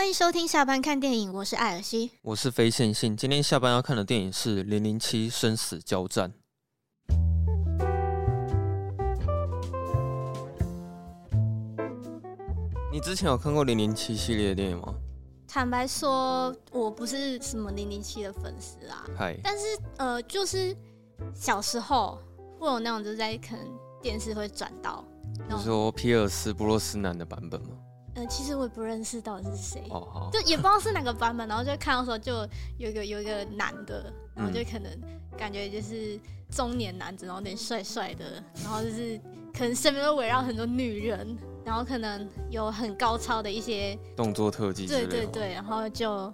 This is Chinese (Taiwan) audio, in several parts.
歡迎收聽下班看電影，我是艾爾西，我是非線性。今天下班要看的電影是《零零七：生死交戰。》 你之前有看過《零零七》系列的電影嗎？坦白說，我不是什麼零零七的粉絲啊。嗨，但是呃，就是小時候會有那種，就是在可能電視會轉到，那種你說皮爾斯·布洛斯南的版本嗎？其實我也不認識到底是誰，oh, oh. 就也不知道是哪個版本。然後就看到的時候，就有一個有一個男的，然後就可能感覺就是中年男子，然後有點帥帥的，然後就是可能身邊會圍繞很多女人， 然後可能有很高超的一些動作特技之類的。對對對，然後就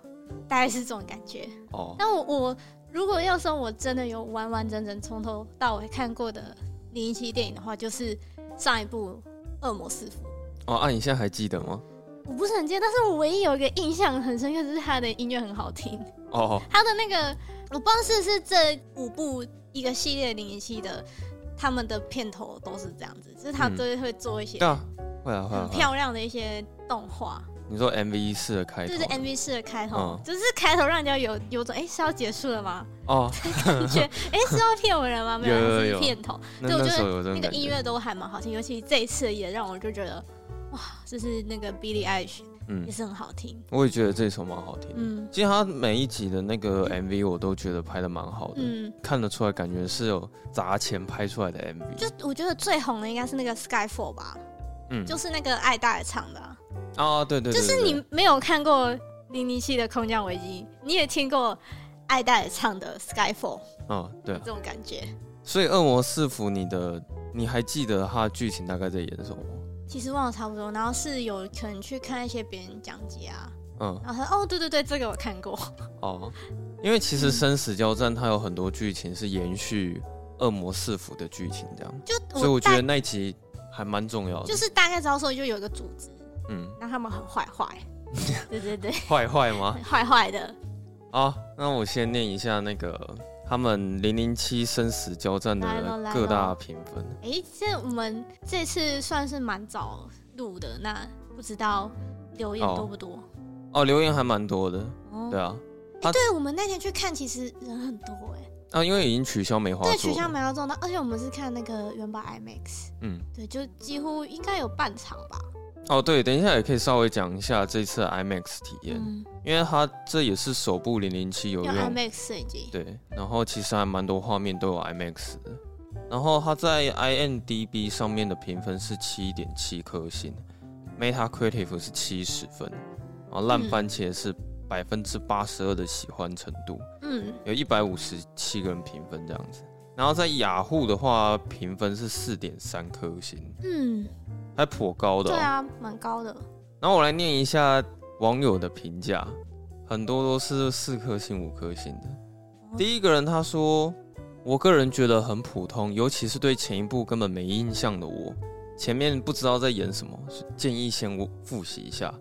大概是這種感覺。哦。Oh. 那我我如果要說我真的有完完整整從頭到尾看過的零一七電影的話，oh. 就是上一部《惡魔師傅》。哦，那、啊、你現在還記得嗎？我不是很記得，但是我唯一有一個印象很深刻，就是他的音樂很好聽。哦，哦，他的那個，我不知道是不是這五部一個系列零零七的，他們的片頭都是這樣子，就是他們都會做一些，很漂亮的一些動畫。你說 M V 4的開頭，就是 M V 4的開頭、哦，就是開頭讓人家有有種哎、欸、是要結束了嗎？哦，感覺哎是要騙我人嗎？沒有，有，是片頭，那，那時候有這種感覺。所以我覺得那個音樂都還蠻好聽，尤其這一次也讓我就覺得。哇，這是那個 Billie Eilish，嗯，也是很好聽。我也覺得這首蠻好聽。嗯，其實他每一集的那個 MV 我都覺得拍的蠻好的。嗯，看得出來，感覺是有砸錢拍出來的 MV。就我覺得最紅的應該是那個 Skyfall 吧。嗯，就是那個愛黛兒唱的，啊。哦，啊，對對、對、對、對對。就是你沒有看過零零七的空降危機，你也聽過愛黛兒唱的 Skyfall，嗯。哦，對，這種感覺。所以惡魔四伏你的，你還記得他劇情大概在演什麼嗎？其實忘了差不多，然後是有可能去看一些別人講解啊，嗯，然後說哦，對對對，這個我看過哦，因為其實《生死交戰》它有很多劇情是延續《惡魔四伏》的劇情，這樣就，所以我覺得那一集還蠻重要的，就是大概知道說就有一個組織，嗯，那他們很壞壞，嗯、對對對， 壞壞嗎？壞壞的。好，那我先念一下那個。他們《零零七生死交戰》的各大評分。哎，這、欸、我們這次算是蠻早錄的，那不知道留言多不多？哦，哦留言還蠻多的、哦。對啊。哎、欸，對我們那天去看，其實人很多哎、欸。啊，因為已經取消梅花座了。對，取消梅花重那而且我們是看那個原版 IMAX。嗯。對，就幾乎應該有半場吧。哦，對，等一下也可以稍微講一下這一次的 IMAX 體驗，嗯，因為它這也是首部零零七有用用 IMAX，已經對，然後其實還蠻多畫面都有 IMAX 的，然後它在 IMDB 上面的評分是七點七顆星，Metacritic 是七十分，然後爛番茄是百分之八十二的喜歡程度，嗯，有一百五十七個人評分這樣子，然後在雅虎的話評分是四點三顆星，嗯。還頗高的，對啊，蠻高的。然後我來念一下網友的評價，很多都是四顆星、五顆星的。第一個人他說：“我個人覺得很普通，尤其是對前一部根本沒印象的我，前面不知道在演什麼，建議先我複習一下。”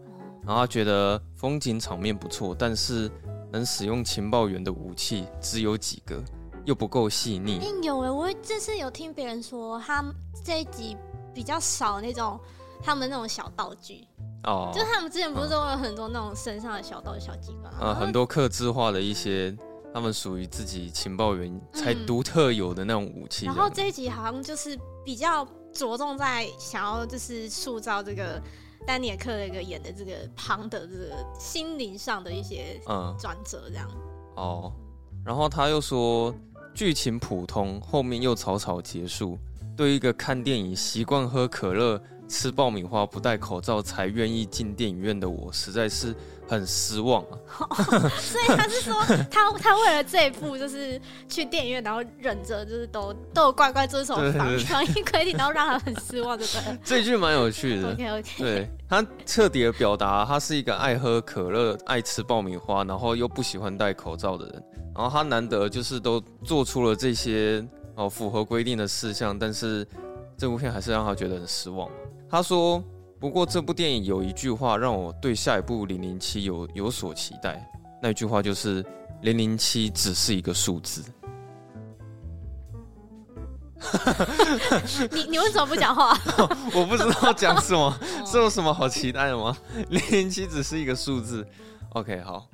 然後他覺得風景場面不錯，但是能使用情報員的武器只有幾個，又不夠細膩。哎呦我這次有聽別人說他這一集。比較少那種，他們那種小道具哦，oh, 就他們之前不是都有很多那種身上的小道具小機關啊、嗯嗯，很多客製化的一些，他們屬於自己情報員才獨特有的那種武器、嗯。然後這一集好像就是比較着重在想要就是塑造這個丹尼爾·克雷格演的這個龐德的心靈上的一些嗯轉折這樣。哦、嗯，嗯 oh, 然後他又說劇情普通，後面又草草結束。對一個看電影習慣喝可樂、吃爆米花、不戴口罩才願意進電影院的我，實在是很失望啊，oh,！ 所以他是說他，他 他為了這一部就是去電影院，然後忍着，就是都 都乖乖遵守防防疫規定，然後讓他很失望，對不對？這句蠻有趣的。 Okay, okay. 對，他徹底的表達他是一個愛喝可樂、愛吃爆米花，然後又不喜歡戴口罩的人。然後他難得就是都做出了這些。哦，符合規定的事項，但是這部片還是讓他覺得很失望。他說：“不過這部電影有一句話讓我對下一部零零七有有所期待，那一句話就是‘零零七只是一個數字’。”你你為什麼不講話 哦？我不知道講什麼，這有什麼好期待的嗎？零零七只是一個數字。OK，好。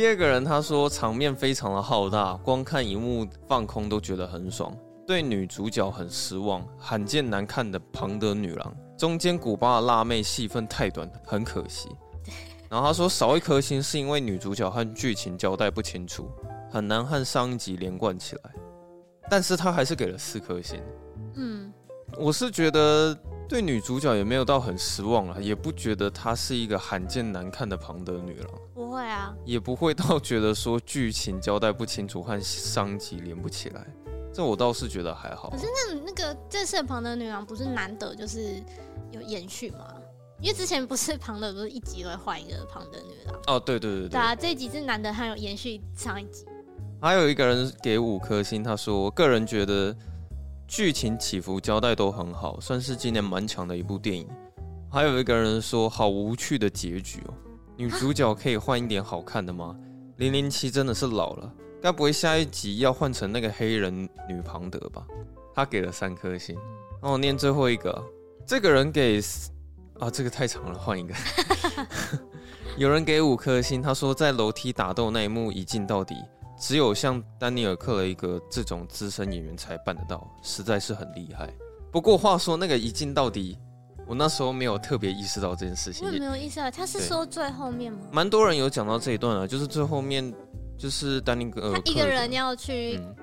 第二個人他說，場面非常的浩大，光看熒幕放空都覺得很爽。對女主角很失望，罕見難看的龐德女郎，中間古巴的辣妹戲份太短，很可惜。然後他說少一顆星是因為女主角和劇情交代不清楚，很難和上一集連貫起來，但是他還是給了四顆星。嗯，我是覺得。對女主角也沒有到很失望啦，也不覺得她是一個罕見難看的龐德女郎，不會啊，也不會到覺得說劇情交代不清楚和上一集連不起來，這我倒是覺得還好啊。可是那那個這次的龐德女郎不是難得就是有延續嗎？因為之前不是龐德不是一集都會換一個龐德女郎哦，對對對對，對啊，這一集是難得還有延續上一集。還有一個人給五顆星，他說我個人覺得。劇情起伏交代都很好，算是今年蠻強的一部電影。還有一個人說：“好無趣的結局哦，女主角可以換一點好看的嗎？”《零零七》真的是老了，該不會下一集要換成那個黑人女龐德吧？他給了三顆星。讓、哦、我念最後一個，這個人給啊，這個太長了，換一個。 有人給五顆星，他說在樓梯打鬥那一幕一鏡到底。只有像丹尼爾·克雷格這種資深演員才辦得到，實在是很厲害。不過話說，那個一鏡到底，我那時候沒有特別意識到這件事情也。我沒有意識到、啊，他是說最後面嗎？蠻多人有講到這一段啊，就是最後面，就是丹尼爾·克雷格一個人要去、嗯嗯、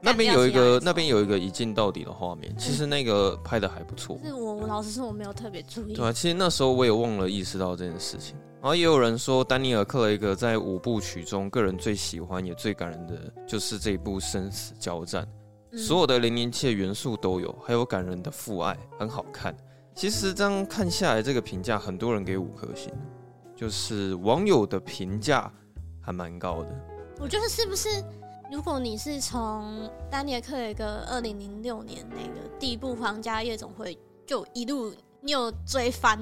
那邊有一個，那邊有一個一鏡到底的畫面、嗯，其實那個拍的還不錯。是我老實說，我沒有特別注意、嗯。對啊，其實那時候我也忘了意識到這件事情。然後也有人說，丹尼爾克雷格在五部曲中，個人最喜歡也最感人的就是這一部《生死交戰》，嗯，所有的零零七元素都有，還有感人的父愛，很好看。其實這樣看下來，這個評價很多人給五顆星，就是網友的評價還蠻高的。我覺得是，是不是如果你是從丹尼爾克雷格二零零六年那個第一部《皇家夜總會》就一路，你有追翻。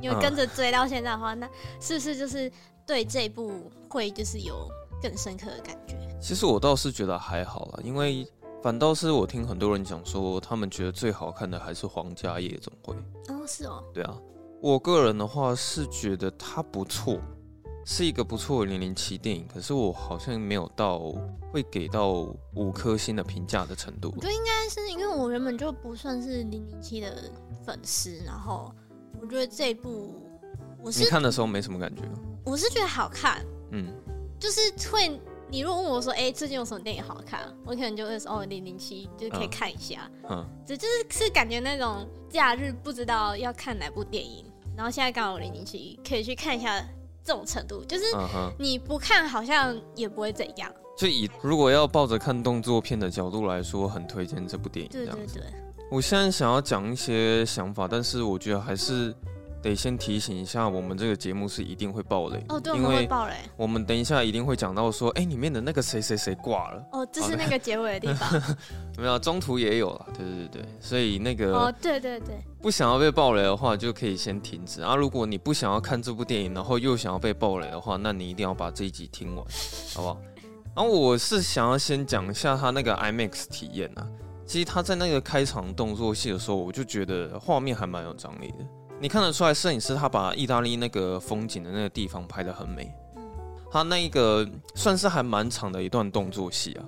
因為跟着追到現在的話，嗯，那是不是就是對這一部會就是有更深刻的感覺？其實我倒是覺得還好啦，因為反倒是我聽很多人講說，他們覺得最好看的還是《皇家夜總會》。哦，是哦，對啊。我個人的話是覺得它不錯，是一個不錯的零零七電影，可是我好像沒有到會給到五顆星的評價的程度。對，應該是因為我原本就不算是零零七的粉絲，然後。我覺得這一部，我是你看的時候沒什麼感覺，我是覺得好看，嗯，就是會，你如果問我說，哎，最近有什麼電影好看，我可能就會說，哦，零零七，就是可以看一下，嗯，這就是是感覺那種假日不知道要看哪部電影，然後現在剛好零零七可以去看一下，這種程度，就是、啊、你不看好像也不會怎樣，就以如果要抱着看動作片的角度來說，很推薦這部電影，這樣子，對對對，對。我現在想要講一些想法，但是我覺得還是得先提醒一下，我們這個節目是一定會爆雷哦。對，因為爆雷，我們等一下一定會講到說，哎，裡面的那個誰誰誰掛了。哦，這是那個結尾的地方，沒有， 中途也有啦。對對對對，所以那個哦，對對對，不想要被爆雷的話，就可以先停止啊。如果你不想要看這部電影，然後又想要被爆雷的話，那你一定要把這一集聽完，好不好？然後我是想要先講一下他那個 IMAX 體驗啊。其實他在那個開場動作戲的時候，我就覺得畫面還蠻有張力的。你看得出來，攝影師他把意大利那個風景的那個地方拍得很美。嗯，他那一個算是還蠻長的一段動作戲啊。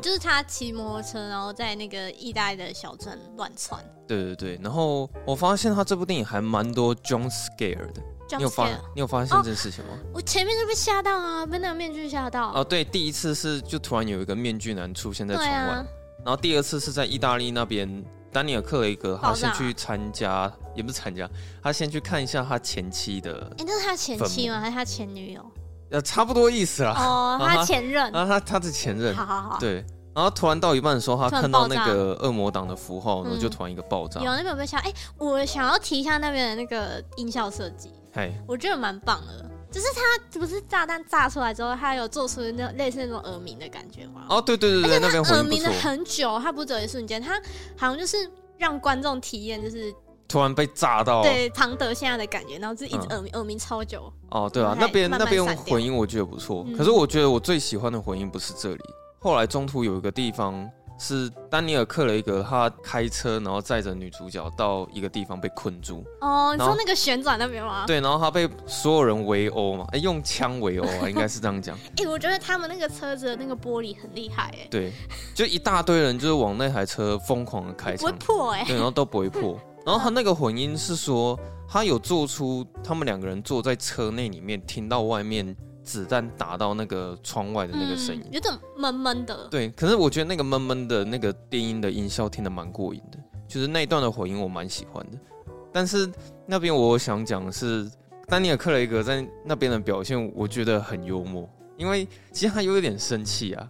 就是他騎摩托車，然後在那個意大利的小鎮亂竄。對對對，對，然後我發現他這部電影還蠻多 jump scare 的。你有發你有發現這件事情嗎？我前面就被嚇到啊，被那個面具嚇到。哦，對，第一次是就突然有一個面具男出現在窗外。然後第二次是在意大利那邊，丹尼爾·克雷格他先去參加，也不是參加，他先去看一下他前妻的。哎、欸，那是他前妻嗎？還是他前女友？呃，差不多意思啦。哦，他前任。啊，他他是前任。好好好。對，然後突然到一半的時候，他看到那個惡魔黨的符號，然,然後就突然一個爆炸。你、嗯啊、那邊有被嚇哎！我想要提一下那邊的那個音效設計，哎，我覺得蠻棒的。只、就是他不是炸彈炸出來之後，他有做出那類似那種耳鳴的感覺嗎？哦，對對對對，那邊混音不錯。而且他耳鳴了很久，他不，不是有一瞬間，他好像就是讓觀眾體驗，就是突然被炸到。對，龐德現在的感覺，然後就一直耳、嗯、耳鳴超久。哦，對啊，那邊那邊混音我覺得不錯。可是我覺得我最喜歡的混音不是這裡、嗯，後來中途有一個地方。是丹尼爾克雷格，他開車然後載着女主角到一個地方被困住。哦、oh，你說那個旋轉那邊嗎？對，然後他被所有人圍毆嘛，哎、欸，用槍圍毆啊， 應該是這樣講。哎、 欸，我覺得他們那個車子的那個玻璃很厲害，哎。對，就一大堆人就是往那台車瘋狂的開槍不會破，哎， 對，然後都不會破、 嗯。然後他那個混音是說，他有做出他們兩個人坐在車內裡面，聽到外面。子彈打到那個窗外的那個聲音、嗯，有點悶悶的。對，可是我覺得那個悶悶的那個電音的音效聽得蠻過癮的，就是那一段的回音我蠻喜歡的。但是那邊我想講的是丹尼爾克雷格在那邊的表現，我覺得很幽默，因為其實他有一點生氣啊。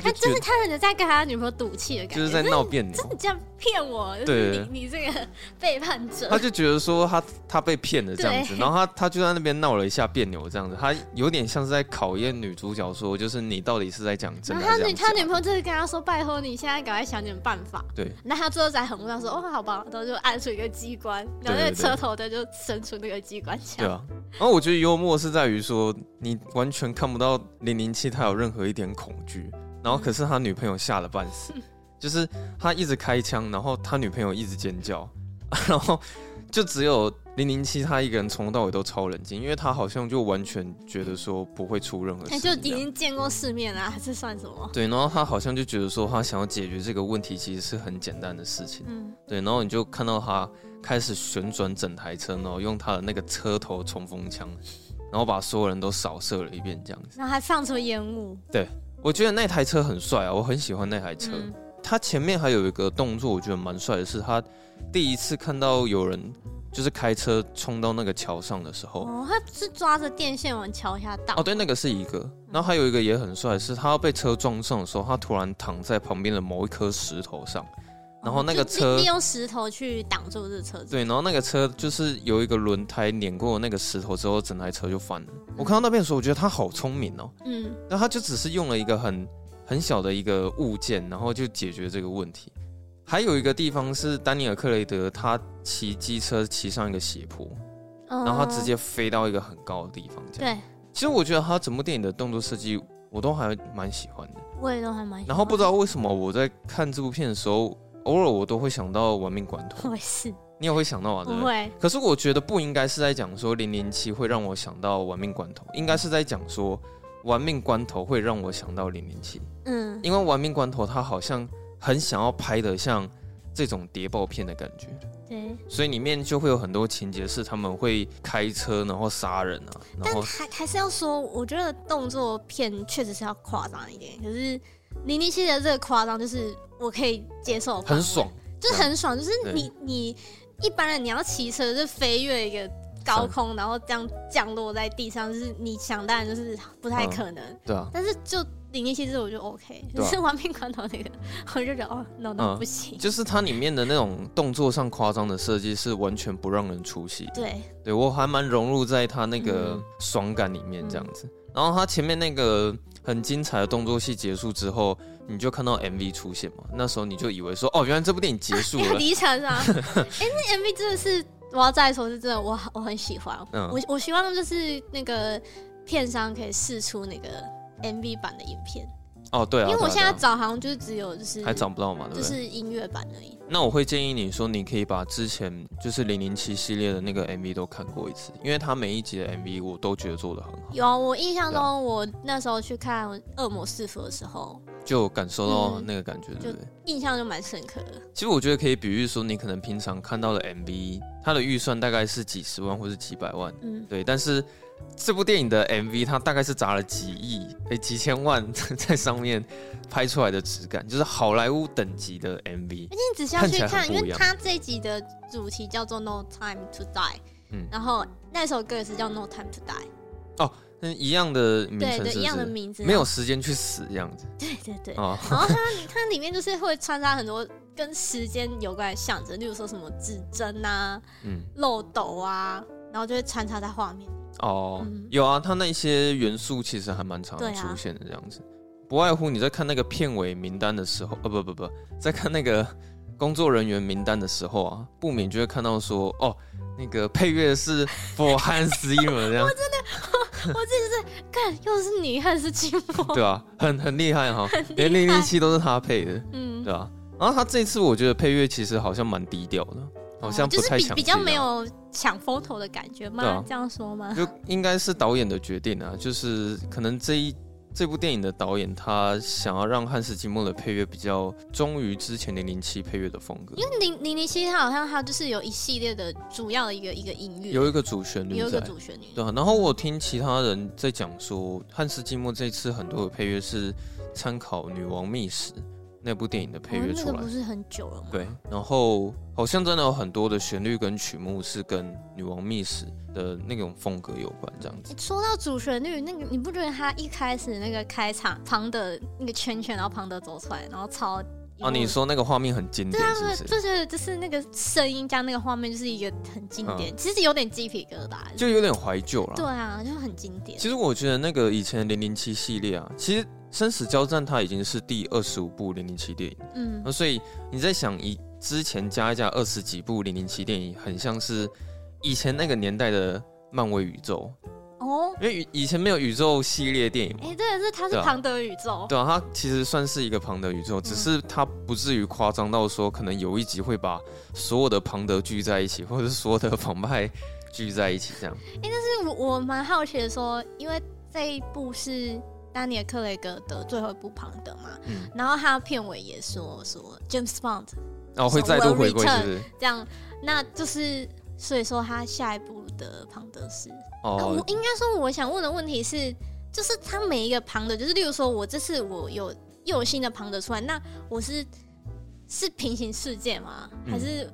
他就，他就是他，可能在跟他女朋友賭氣的感覺，就是、就是、在鬧別扭。你真的這樣騙我，就是、你對你這個背叛者。他就覺得說他他被騙了這樣子，然後他他就在那邊鬧了一下別扭這樣子，他有點像是在考驗女主角說，說就是你到底是在講真的。他，他女他女朋友就是跟他說拜托，你現在趕快想點辦法。對。那他最後才很無聊說哦，好吧，然後就按出一個機關，然後那個車頭的就伸出那個機關槍、啊。然後我覺得幽默是在於說。你完全看不到零零七他有任何一點恐懼，然後可是他女朋友嚇得半死，就是他一直開槍，然後他女朋友一直尖叫，然後就只有零零七他一個人從頭到尾都超冷靜，因為他好像就完全覺得說不會出任何事，他就已經見過世面了，還是算什麼？對，然後他好像就覺得說他想要解決這個問題其實是很簡單的事情，嗯，對，然後你就看到他開始旋轉整台車，然後用他的那個車頭衝鋒槍。然後把所有人都掃射了一遍，這樣子。那還放出煙霧。對，我覺得那台車很帥啊，我很喜歡那台車。它前面還有一個動作，我覺得蠻帥的，是他第一次看到有人就是開車衝到那個橋上的時候，哦，他是抓着電線往橋下倒。哦，對，那個是一個。然後還有一個也很帥，是他要被車撞上的時候，他突然躺在旁邊的某一顆石頭上。然後那個車利用石頭去擋住這車子。對，然後那個車就是有一個輪胎碾過那個石頭之後，整台車就翻了。我看到那邊的時候，我覺得他好聰明哦。嗯。那他就只是用了一個很很小的一個物件，然後就解決這個問題。還有一個地方是丹尼爾·克雷德他騎機車騎上一個斜坡，然後他直接飛到一個很高的地方。對。其實我覺得他整部電影的動作設計我都還蠻喜歡的。我也都還蠻喜歡。然後不知道為什麼我在看這部片的時候。偶爾我都會想到玩命關頭，我是你也會想到啊，對不對？可是我覺得不應該是在講說零零七會讓我想到玩命關頭，應該是在講說玩命關頭會讓我想到零零七。嗯，因為玩命關頭他好像很想要拍的像這種諜報片的感覺，對。所以裡面就會有很多情節是他們會開車然後殺人啊，然後但還還是要說，我覺得動作片確實是要誇張一點。可是零零七的這個誇張就是。我可以接受，很爽，就是很爽，就是你你一般人你要騎車就飛越一個高空，啊，然後這樣降落在地上，就是你想當然就是不太可能，啊對啊，但是就007這種我就 OK，就、啊、是《玩命關頭》那個我就覺得、啊、就覺得哦那都、no, no, 啊、不行，就是它裡面的那種動作上誇張的設計是完全不讓人出戲，對對，我還蠻融入在他那個爽感裡面這樣子，嗯、然後他前面那個很精彩的動作戲結束之後。你就看到 MV 出現嘛？那時候你就以為說哦，原來這部電影結束了。離場啊！哎、 欸，那 MV 真的是，我要再說是真的，我我很喜歡。嗯，我我希望就是那個片商可以釋出那個 MV 版的影片。哦，對啊。對啊對啊，因為我現在找好像就是只有就是還找不到嘛，對，對，就是音樂版而已。那我會建議你說，你可以把之前就是零零七系列的那個 MV 都看過一次，因為他每一集的 MV 我都覺得做得很好。有啊，我印象中我那時候去看《惡魔四伏》的時候。就感受到那個感覺，對不對？印象就蠻深刻的。其實我覺得可以比喻說，你可能平常看到的 MV，它的預算大概是幾十萬或是幾百萬，嗯，對。但是這部電影的 MV，它大概是砸了幾億，哎、欸，幾千萬在上面拍出來的質感，就是好萊塢等級的 MV。而且你仔細去看，看，因為它這集的主題叫做 No Time to Die，嗯，然後那首歌也是叫 No Time to Die，哦。一樣的名字，對對，一樣的名字，沒有時間去死這樣子。對對對，哦、然後它它裡面就是會穿插很多跟時間有關的象徵，例如說什麼指針啊，嗯，漏斗啊，然後就會穿插在畫面。哦、嗯，有啊，它那些元素其實還蠻常出現的這樣子、啊，不外乎你在看那個片尾名單的時候，呃，不不不，在看那個工作人員名單的時候啊，不免就會看到說，哦，那個配樂是《佛漢斯·伊文》這樣。我真的。 我這次看又是你，還是清風， 對啊，很很厲害哈、哦， 連零零七都是他配的，嗯，對吧、啊？然後他這次我覺得配樂其實好像蠻低調的、嗯，好像不太搶、就是，比較沒有搶風頭的感覺嘛、啊，這樣說嗎？就應該是導演的決定啊，就是可能這一。這部電影的導演他想要讓漢斯季默的配樂比較忠於之前《零零七》配樂的風格，因為《零零七》它好像它就是有一系列的主要的一個一個音樂，有一個主旋律，有一個主旋律。對啊，然後我聽其他人在講說，漢斯季默這次很多的配樂是參考《女王密使》。那部電影的配樂出來，不是很久了嗎？對，然後好像真的有很多的旋律跟曲目是跟《女王密使》的那種風格有關，這樣子。你說到主旋律，那個你不覺得他一開始那個開場龐德那個圈圈，然後龐德走出來，然後超。啊！你說那個畫面很經典是不是？對啊，就是就是那個聲音加那個畫面，就是一個很經典，嗯、其實有點雞皮疙瘩，就有點懷舊了。對啊，就很經典。其實我覺得那個以前零零七系列啊，其實生死交戰它已經是第二十五部零零七電影，嗯、啊，所以你在想以之前加一加二十幾部零零七電影，很像是以前那個年代的漫威宇宙。哦，因為以以前沒有宇宙系列電影，哎，對，是，他是龐德宇宙，對啊，啊，他其實算是一個龐德宇宙，只是他不至於誇張到說，可能有一集會把所有的龐德聚在一起，或者是所有的反派聚在一起這樣。哎，但是我我蠻好奇的說，因為這一部是丹尼爾·克雷格的最後一部龐德嘛，嗯，然後他片尾也說說 James Bond，然後會再度回歸，這樣，那就是所以說他下一部。的龐德斯，哦，我應該說，我想問的問題是，就是他每一個龐德，就是例如說，我這次我有又有新的龐德出來，那我是是平行世界嗎？嗯、還是？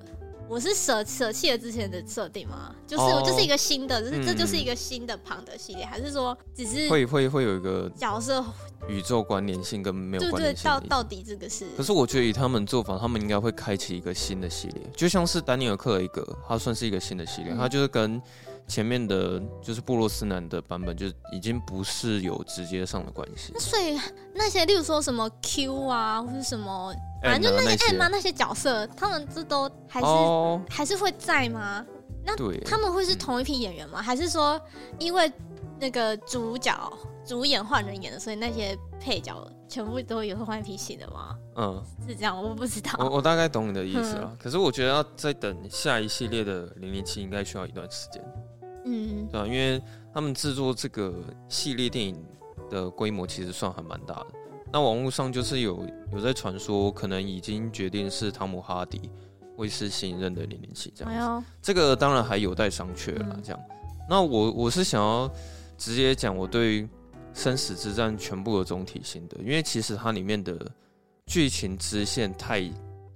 我是捨捨棄了之前的設定嗎？就是就、oh, 是一個新的，就是、嗯、這就是一個新的龐德系列，還是說只是會會會有一個角色宇宙關聯性跟沒有關係？對對對，到到底這個是？可是我覺得以他們做法，他們應該會開啟一個新的系列，就像是丹尼爾克的一個，他算是一個新的系列，他、嗯、就是跟前面的就是布洛斯南的版本就已經不是有直接上的關係。那所以那些例如說什麼 Q 啊，或是什麼？反正、啊、就那些 M 嗎那些角色，他們這都還是、oh. 還是會在嗎？那他們會是同一批演員嗎？還是說因為那個主角、嗯、主演換人演的所以那些配角全部都也會換一批新的嗎？嗯，是這樣，我不知道。我我大概懂你的意思了、嗯。可是我覺得要再等下一系列的零零七，應該需要一段時間。嗯，對吧、啊？因為他們制作這個系列電影的規模其實算還蠻大的。那網絡上就是有有在傳說，可能已經決定，是湯姆哈迪，會是新任的零零七。這樣子、哎。這個當然還有待商榷了。這樣，那我我是想要直接講我對《生死交戰》全部的總體心得，因為其實它裡面的劇情支線太，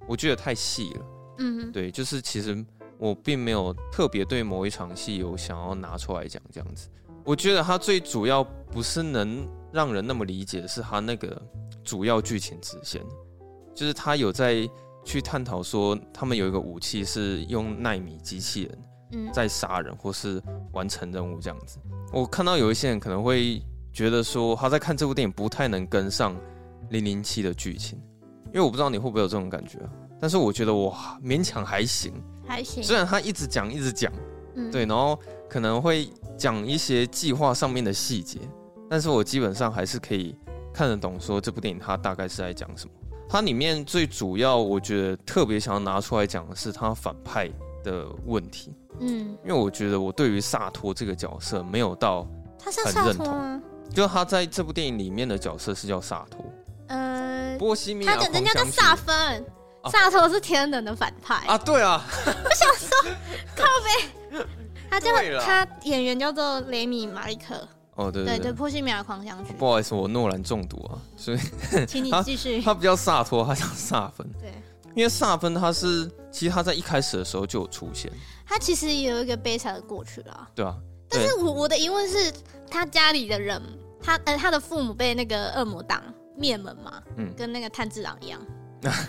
我覺得太細了。嗯，對，就是其實我並沒有特別對某一場戲有想要拿出來講這樣子。我覺得它最主要不是能。讓人那麼理解，的是他那個主要劇情直線，就是他有在去探討說他們有一個武器是用納米機器人在殺人或是完成任務這樣子。我看到有一些人可能會覺得說他在看這部電影不太能跟上零零七的劇情，因為我不知道你會不會有這種感覺。但是我覺得我勉強還行，還行。雖然他一直講一直講，嗯，對，然後可能會講一些計劃上面的細節。但是我基本上還是可以看得懂，說這部電影它大概是在講什麼。它裡面最主要，我覺得特別想要拿出來講的是它反派的問題。嗯，因為我覺得我對於薩托這個角色沒有到他很認同，就他在這部電影裡面的角色是叫薩托。嗯，呃，波西米亞狂想曲，他叫人家叫薩芬，薩托是天能的反派啊。啊對啊，我 想說靠北，他叫他演員叫做雷米·馬利克。哦，對對對，對，對《波西米亞的狂想曲》。不好意思，我諾蘭中毒啊，所以請你繼續呵呵他。他比較薩脫，他叫薩芬。對，因為薩芬他是其實他在一開始的時候就有出現，他其實也有一個悲慘的過去了對啊。但是我我的疑問是他家裡的人，他呃他的父母被那個惡魔黨滅門嘛？嗯，跟那個炭治郎一樣。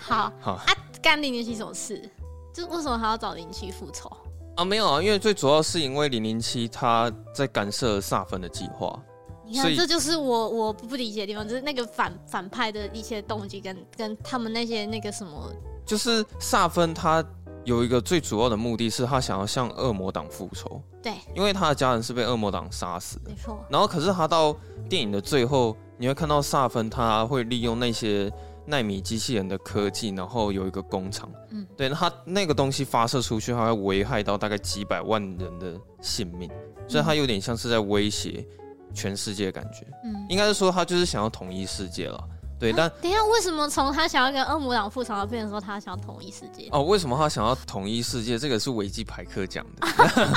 好 對嗎 好。他干林是什麼事？ 就是為什麼還要找林崎復仇？啊，沒有啊，因為最主要是因為零零七他在干涉薩芬的計劃。你看，這就是我我不理解的地方，就是那個反反派的一些動機跟跟他們那些那個什麼。就是薩芬他有一個最主要的目的是他想要向惡魔黨復仇。對，因為他的家人是被惡魔黨殺死的。沒錯。然後可是他到電影的最後，你會看到薩芬他會利用那些。納奈米機器人的科技，然後有一個工廠，嗯，對，他那個東西發射出去，它會危害到大概幾百萬人的性命，嗯、所以它有點像是在威脅全世界的感覺，嗯，應該是說他就是想要統一世界了，對，啊、但等一下，為什麼從他想要跟惡魔黨復仇，變成說他想要統一世界？哦，為什麼他想要統一世界？這個是維基百科講的，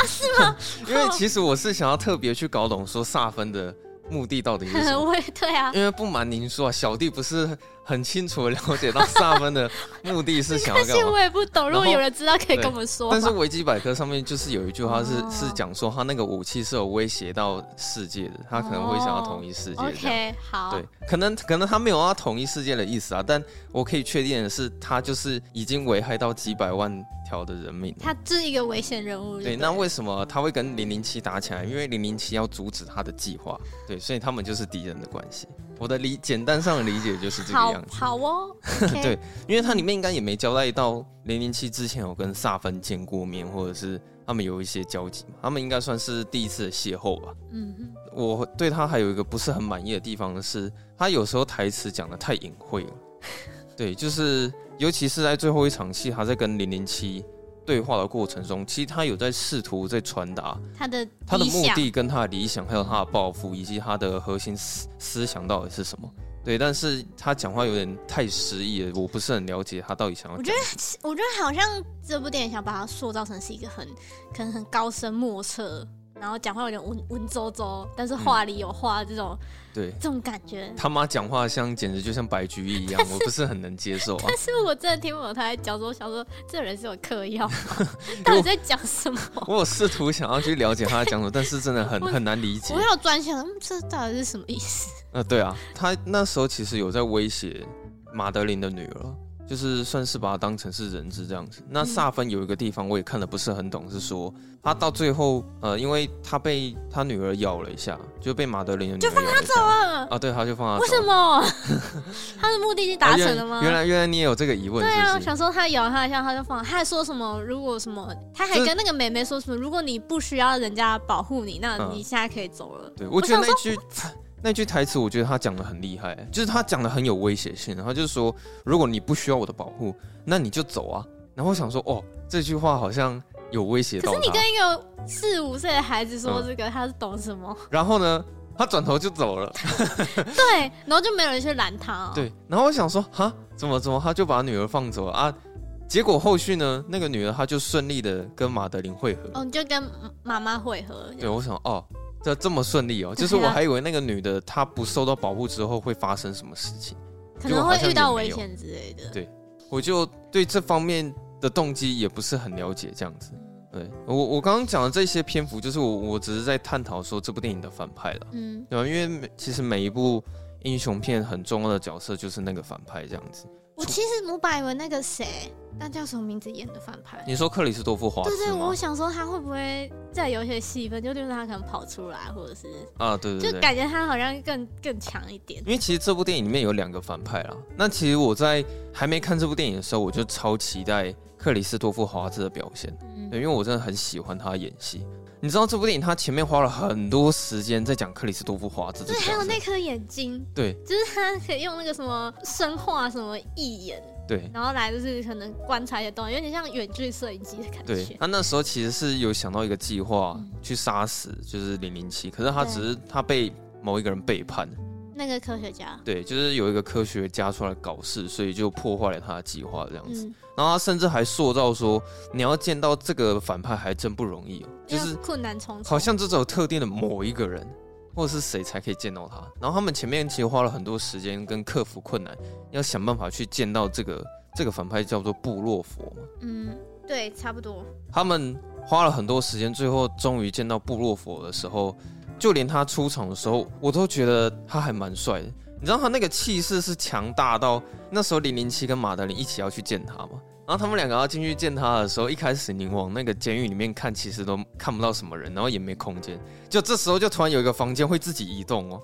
是嗎？因為其實我是想要特別去搞懂說薩芬的。目的到底是什麼？對啊，因為不瞞您說啊，小弟不是很清楚了解到薩芬的目的，是想要幹嘛？ 但是我也不懂，如果有人知道，可以跟我們說。但是維基百科上面就是有一句話是、哦、是講說他那個武器是有威脅到世界的，他可能會想要統一世界的、哦。OK，好。對，可能可能他沒有他統一世界的意思啊，但我可以確定的是，他就是已經危害到幾百萬。條的人命，他是一個危險人物對。對，那為什麼他會跟零零七打起來？因為零零七要阻止他的計劃，對，所以他們就是敵人的關係。我的理簡單上的理解就是這個樣子。好，好哦， okay. 對，因為他裡面應該也沒交代到零零七之前有跟薩芬見過面，或者是他們有一些交集，他們應該算是第一次的邂逅吧。嗯嗯，我對他還有一個不是很滿意的地方的是，他有時候台詞講得太隱晦了。對，就是。尤其是在最後一場戲，他在跟零零七對話的過程中，其實他有在試圖在傳達他的他的目的，跟他的理想，還有他的抱負，以及他的核心思思想到底是什麼？對，但是他講話有點太詩意了，我不是很了解他到底想要。我覺得，我覺得好像這部電影想把他塑造成是一個很可能很高深莫測。然後講話有點文文縐縐，但是話裡有話、嗯、這種，對這種感覺。他媽講話像簡直就像白居易一樣， 我不是很能接受、啊。但是我真的聽不懂他在講說，說想說這人是有嗑藥，他、 欸、在講什麼？我，我有試圖想要去了解他在講什麼，但是真的很很難理解。我有專心，這到底是什麼意思？呃，對啊，他那時候其實有在威脅馬德琳的女兒。就是算是把他當成是人質這樣子。那薩芬有一個地方我也看得不是很懂，是說、嗯、他到最後，呃，因為他被他女兒咬了一下，就被馬德琳咬了就放他走了啊？對，他就放他走了。為什麼？ 他的目的已經達成了嗎？啊、原來原來你也有這個疑問是不是？對啊，想說他咬他一下，他就放。他還說什麼？如果什麼？他還跟那個妹妹說什麼？如果你不需要人家保護你，那你現在可以走了。嗯、對我覺得那句。 那句台詞，我覺得他講的很厲害，就是他講的很有威脅性。他就是說，如果你不需要我的保護，那你就走啊。然後我想說，哦，這句話好像有威脅。可是你跟一個四五歲的孩子說這個、嗯，他是懂什麼？然後呢，他轉頭就走了。 對，然後就沒有人去攔他、哦。對，然後我想說，哈，怎麼怎麼，他就把女兒放走了啊？結果後續呢，那個女兒他就順利的跟馬德琳會合。哦，就跟媽媽會合。對，我想，哦。這這麼順利哦，就是我還以為那個女的她，不受到保護之後會發生什麼事情，可能會遇到危險之類的。對，我就對這方面的動機也不是很了解這樣子。對，我我剛剛講的這些篇幅，就是我我只是在探討說這部電影的反派了，嗯，對吧？因為其實每一部英雄片很重要的角色就是那個反派這樣子。我其實母百文那個誰，那叫什麼名字演的反派。欸？你說克里斯多夫華茲？對，對對，我想說他會不會再有一些戲份？就就是他可能跑出來，或者是啊，對對，對對，就感覺他好像更更強一點。因為其實這部電影裡面有兩個反派啦。那其實我在還沒看這部電影的時候，我就超期待克里斯多夫華茲的表現，嗯，對，因為我真的很喜歡他演戲。你知道這部電影，他前面花了很多時間在講克里斯多夫華茲這件事情，對，還有那顆眼睛，對，就是他可以用那個什麼生化什麼義眼，對，然後來就是可能觀察一些東西，有點像遠距攝影機的感覺。對，他那時候其實是有想到一個計劃去殺死、嗯、就是零零七，可是他只是他被某一個人背叛。那個科學家，對，就是有一個科學家出來搞事，所以就破壞了他的計劃這樣子。嗯。然後他甚至還塑造說，你要見到這個反派還真不容易哦，就是困難重重。好像這種特定的某一個人，或者是誰才可以見到他。然後他們前面其實花了很多時間跟克服困難，要想辦法去見到這個這個反派，叫做布洛佛嘛，嗯，對，差不多。他們花了很多時間，最後終於見到布洛佛的時候。就連他出場的時候，我都覺得他還蠻帥的。你知道他那個氣勢是強大到那時候，零零七跟馬德琳一起要去見他嘛？然後他們兩個要進去見他的時候，一開始你往那個監獄裡面看，其實都看不到什麼人，然後也沒空間。就這時候，就突然有一個房間會自己移動哦、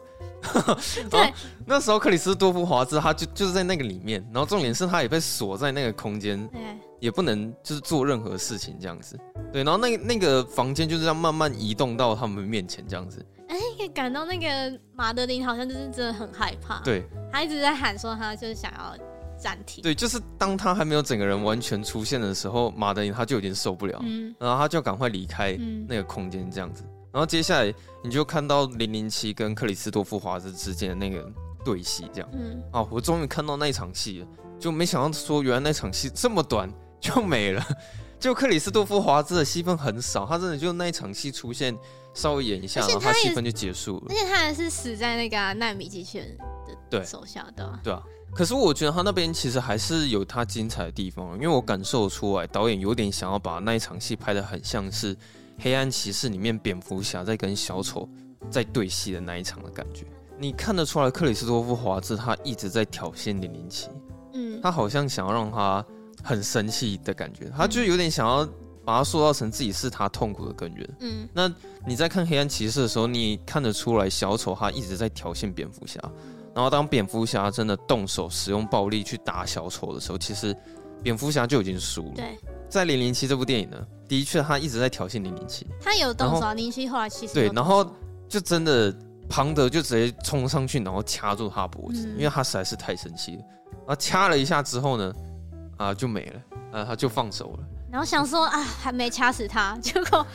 喔。對。 然後那時候克里斯多夫華茲他就就是在那個裡面，然後重點是他也被鎖在那個空間。對。也不能就是做任何事情這樣子，對。然後那個那個房間就是要慢慢移動到他們面前這樣子，欸。哎，感到那個馬德琳好像就是真的很害怕，對，他一直在喊說他就是想要暫停。對，就是當他還沒有整個人完全出現的時候，馬德琳他就有點受不了，了，嗯，然後他就趕快離開那個空間這樣子。然後接下來你就看到零零七跟克里斯多夫華茲之間的那個對戲這樣，嗯，啊，我終於看到那場戲了，就沒想到說原來那場戲這麼短。就沒了，就克里斯多夫·華茲的戲份很少，他真的就那一場戲出現，稍微演一下，然後他戲份就結束了。而且他還是死在那個納米機器人的手下的。對啊，可是我覺得他那邊其實還是有他精彩的地方，因為我感受出來，導演有點想要把那一場戲拍得很像是《黑暗騎士》裡面蝙蝠俠在跟小丑在對戲的那一場的感覺。你看得出來，克里斯多夫·華茲他一直在挑釁零零七，嗯，他好像想要讓他。很生氣的感覺，他就有點想要把他塑造成自己是他痛苦的根源。嗯，那你在看《黑暗騎士》的時候，你看得出來小丑他一直在挑釁蝙蝠俠，然後當蝙蝠俠真的動手使用暴力去打小丑的時候，其實蝙蝠俠就已經輸了。對，在《零零七》這部電影呢，的確他一直在挑釁零零七，他有動手、啊，零零七後來其實對，然後就真的龐德就直接衝上去，然後掐住他脖子、嗯，因為他實在是太生氣了。然後掐了一下之後呢？啊，就沒了，啊，他就放手了，然後想說啊，還沒掐死他，結果，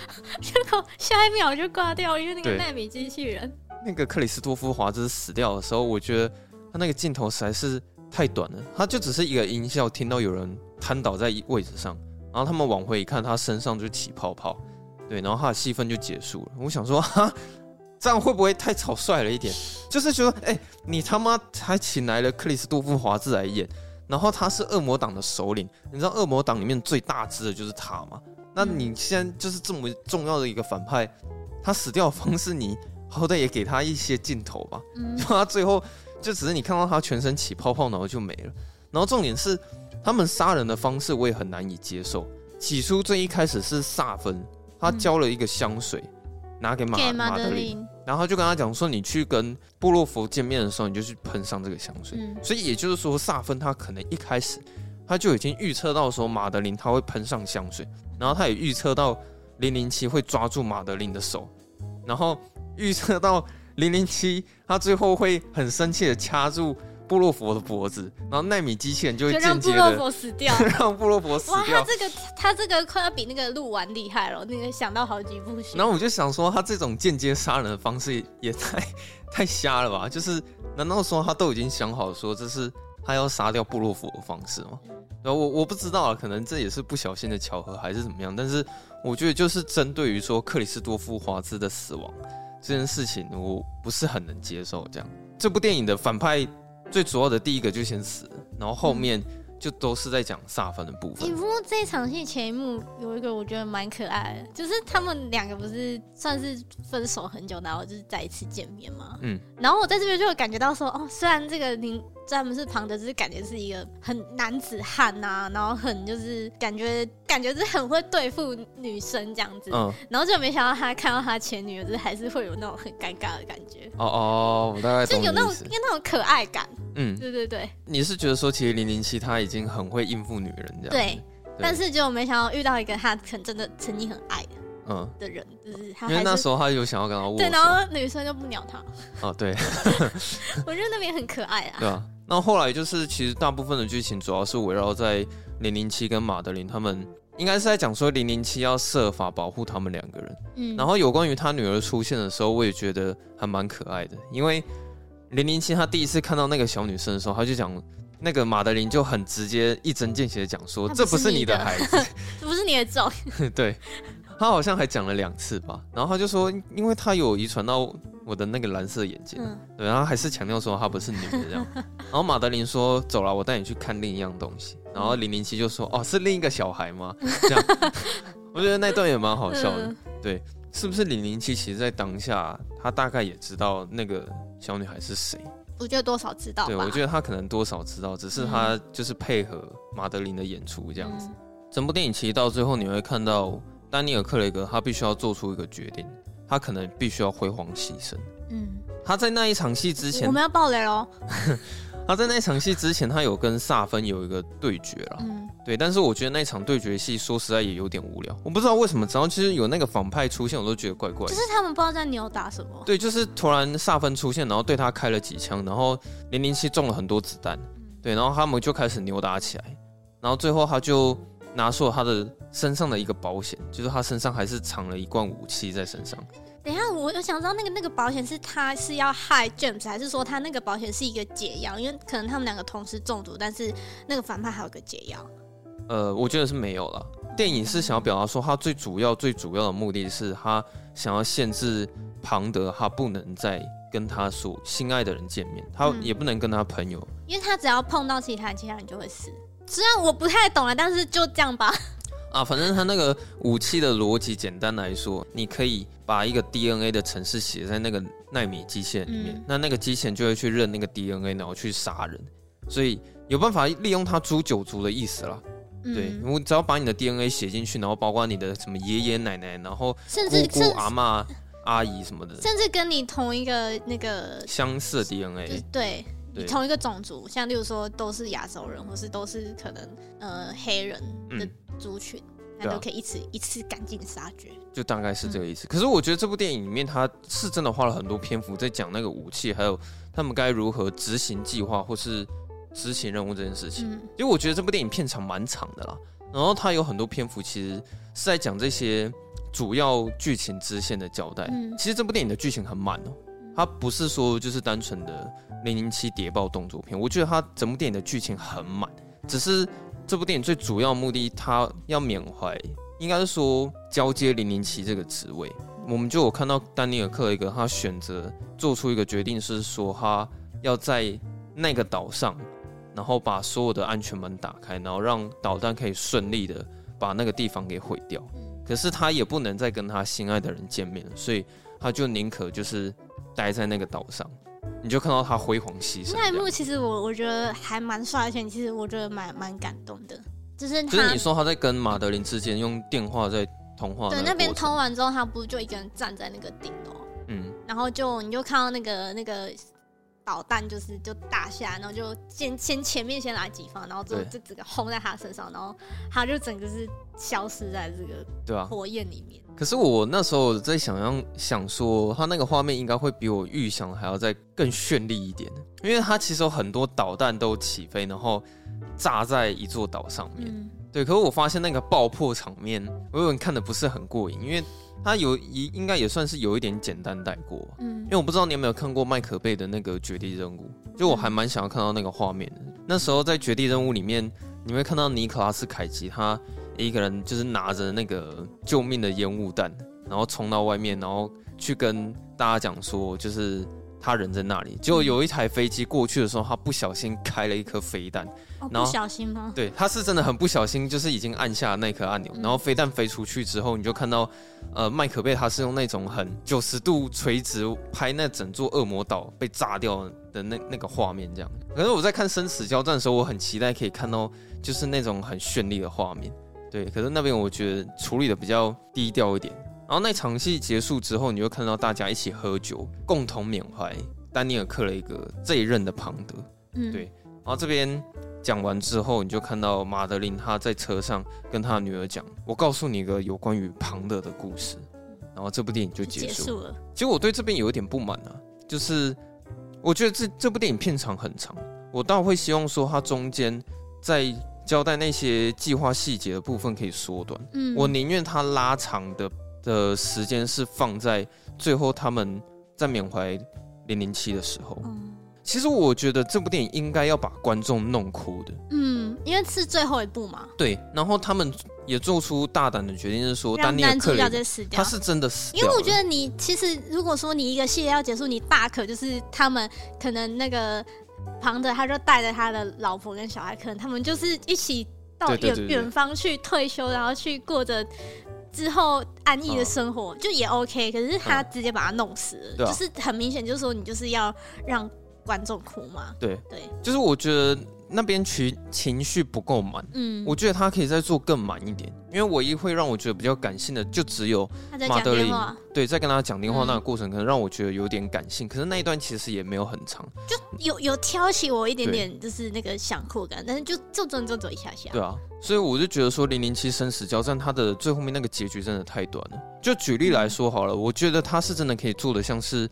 結果下一秒就掛掉，因為那個納米機器人。那個克里斯多夫華茲死掉的時候，我覺得他那個鏡頭實在是太短了，他就只是一個音效，聽到有人癱倒在位置上，然後他們往回一看，他身上就起泡泡，對，然後他的戲份就結束了。我想說，哈，這樣會不會太草率了一點？就是覺得，哎、欸，你他媽還請來了克里斯多夫華茲來演。然後他是惡魔黨的首領，你知道惡魔黨裡面最大只的就是他嗎？那你現在就是這麼重要的一個反派，他死掉的方式，你好歹也給他一些鏡頭吧，嗯、就他最後就只是你看到他全身起泡泡然後就沒了。然後重點是他們殺人的方式我也很難以接受。起初最一開始是薩芬，他交了一個香水，拿給瑪給瑪德琳。然後就跟他講說，你去跟布洛佛見面的時候，你就去噴上這個香水。所以也就是說，薩芬他可能一開始他就已經預測到說，馬德琳他會噴上香水，然後他也預測到007會抓住馬德琳的手，然後預測到007他最後會很生氣的掐住，布洛佛的脖子，然後奈米機器人就會就讓布洛佛死掉， 讓布洛佛死掉。哇，他這個他這個快要比那個鹿丸厲害了，那個想到好幾部戲。然後我就想說，他這種間接殺人的方式也太太瞎了吧？就是難道說他都已經想好說這是他要殺掉布洛佛的方式嗎？然後我我不知道啊，可能這也是不小心的巧合還是怎麼樣？但是我覺得就是針對於說克里斯多夫華茲的死亡這件事情，我不是很能接受。這樣，這部電影的反派。最主要的第一個就先死，然後後面就都是在講薩芬的部分。嗯欸、不過這場戲前一幕有一個我覺得蠻可愛的，就是他們兩個不是算是分手很久，然後就是再一次見面嗎？嗯，然後我在這邊就會感覺到說，哦，雖然這個林。詹姆斯龐德，就是感覺是一個很男子漢吶、啊，然後很就是感覺感覺是很會對付女生這樣子，嗯、然後就沒想到他看到他前女友，就是還是會有那種很尷尬的感覺。哦哦，哦，我大概就有那種因為那種可愛感，嗯，對對對。你是覺得說其實零零七他已經很會應付女人這樣對，對，但是就沒想到遇到一個他可能真的曾經很愛嗯的人，嗯、就是，是因為那時候他有想要跟他，對，然後女生就不鳥他。哦，對， 我覺得那邊很可愛啊，對。那後來就是，其實大部分的劇情主要是圍繞在零零七跟馬德琳他們，應該是在講說零零七要設法保護他們兩個人。嗯，然後有關於他女兒出現的時候，我也覺得還蠻可愛的，因為零零七他第一次看到那個小女生的時候，他就講，那個馬德琳就很直接一針見血的講說，這不是你的孩子， 這不是你的種 ，對。他好像還講了兩次吧，然後他就說，因為他有遺傳到我的那個藍色眼睛，嗯、對，然後還是強調說他不是你的這樣。 然後馬德琳說：“走了，我帶你去看另一樣東西。”然後零零七就說：“哦，是另一個小孩嗎？”嗯、這樣， 我覺得那段也蠻好笑的、嗯。對，是不是零零七其實，在當下他大概也知道那個小女孩是誰？我覺得多少知道。對，我覺得他可能多少知道，只是他就是配合馬德琳的演出這樣子、嗯。整部電影其實到最後你會看到。丹尼爾·克雷格，他必須要做出一個決定，他可能必須要輝煌犧牲。嗯，他在那一場戲之前，我們要爆雷哦 他在那一場戲之前，他有跟薩芬有一個對決了。嗯，對，但是我覺得那場對決戲，說實在也有點無聊。我不知道為什麼，只要其實有那個反派出現，我都覺得怪怪的。就是他們不知道在扭打什麼。對，就是突然薩芬出現，然後對他開了幾槍，然後零零七中了很多子彈。嗯。對，然後他們就開始扭打起來，然後最後他就。拿出了他的身上的一個保險，就是他身上還是藏了一罐武器在身上。等一下，我有想知道那個那個保險是他是要害 James，還是說他那個保險是一個解藥？因為可能他們兩個同時中毒，但是那個反派還有個解藥。呃，我覺得是沒有了。電影是想要表達說，他最主要、嗯、最主要的目的是他想要限制龐德，他不能再跟他所心愛的人見面，他也不能跟他朋友，嗯、因為他只要碰到其他人，其他人就會死。雖然我不太懂啊，但是就這樣吧。啊，反正他那個武器的邏輯，簡單來說，你可以把一個 DNA 的程式寫在那個奈米機械裡面，嗯，那那個機器人就會去認那個 DNA，然後去殺人。所以有辦法利用它誅九族的意思啦。嗯、對，我只要把你的 DNA 寫進去，然後包括你的什麼爺爺奶奶，嗯，然後姑姑甚至阿嬤、阿姨什麼的，甚至跟你同一個那個相似的 DNA。就是、對。你同一個種族，像例如說都是亞洲人，或是都是可能呃黑人的族群，嗯，他都可以一次、啊、一次趕盡殺絕，就大概是這個意思。嗯、可是我覺得這部電影裡面，他是真的花了很多篇幅在講那個武器，還有他們該如何執行計劃或是執行任務這件事情。因、嗯、為我覺得這部電影片長蠻長的啦，然後他有很多篇幅其實是在講這些主要劇情支線的交代，嗯。其實這部電影的劇情很滿哦。他不是說就是單純的零零七諜報動作片，我覺得他整部電影的劇情很滿，只是這部電影最主要的目的，他要緬懷，應該是說交接零零七這個職位。我們就有看到丹尼爾克雷格他選擇做出一個決定，是說他要在那個島上，然後把所有的安全門打開，然後讓導彈可以順利的把那個地方給毀掉。可是他也不能再跟他心愛的人見面，所以他就寧可就是。待在那個島上，你就看到他輝煌犧牲。那一幕其實我我覺得還蠻帥，而且其實我覺得蠻蠻感動的，就是他。就是、你說他在跟馬德琳之間用電話在通話。對，那邊通完之後，他不就一個人站在那個頂樓，嗯，然後就你就看到那個那個。導彈就是就打下，然後就先先前面先來幾發，然後，後就這整個轟在他身上，然後他就整個是消失在這個對火焰裡面、啊。可是我那時候我在想象，想說他那個畫面應該會比我預想的還要再更絢麗一點、嗯，因為他其實有很多導彈都起飛，然後炸在一座島上面。嗯對，可是我發現那個爆破場面，我有點看的不是很過癮，因為它有一應該也算是有一點簡單帶過。嗯，因為我不知道你有沒有看過麥可貝的那個《絕地任務》，就我還蠻想要看到那個畫面的。那時候在《絕地任務》裡面，你會看到尼可拉斯凱吉他一個人就是拿着那個救命的煙霧彈，然後衝到外面，然後去跟大家講說，就是。他人在那裡，結果有一台飛機過去的時候、嗯，他不小心開了一顆飛彈、哦，然後，不小心嗎？對，他是真的很不小心，就是已經按下了那顆按鈕、嗯，然後飛彈飛出去之後，你就看到，呃，麥可貝他是用那種很九十度垂直拍那整座惡魔島被炸掉的那那個畫面，這樣。可是我在看生死交戰的時候，我很期待可以看到就是那種很絢麗的畫面，對，可是那邊我覺得處理的比較低調一點。然後那場戲結束之後，你就看到大家一起喝酒，共同緬懷丹尼爾·克雷格這一任的龐德。嗯，對。然後這邊講完之後，你就看到馬德琳她在車上跟她女兒講：“我告訴你一個有關於龐德的故事。”然後這部電影就結束，結束了。其實我對這邊有一點不滿啊，就是我覺得這這部電影片長很長，我倒會希望說它中間在交代那些計劃細節的部分可以縮短。嗯，我寧願它拉長的。的時間是放在最後，他們在緬懷零零七的時候。嗯，其實我覺得這部電影應該要把觀眾弄哭的。嗯，因為是最後一部嘛。對，然後他們也做出大膽的決定，是說讓男主角掉這死掉。他是真的死掉。因為我覺得你其實，如果說你一個系列要結束，你大可就是他們可能那個龐德，他就帶着他的老婆跟小孩，可能他們就是一起到遠遠方去退休，然後去過着。之後安逸的生活，啊、就也 OK。可是他直接把他弄死，嗯、就是很明顯就是說你就是要讓觀眾哭嘛，對，對，就是我覺得。那邊情情緒不夠滿，嗯，我覺得他可以再做更滿一點，因為唯一會讓我覺得比較感性的就只有瑪德琳，對，在跟他講電話那個過程，可能讓我覺得有點感性，嗯，可是那一段其實也沒有很長，就有有挑起我一點點就是那個想哭感，但是就就就就一下下。對啊，所以我就覺得說《零零七生死交戰》它的最後面那個結局真的太短了，就舉例來說好了，嗯，我覺得他是真的可以做得像是。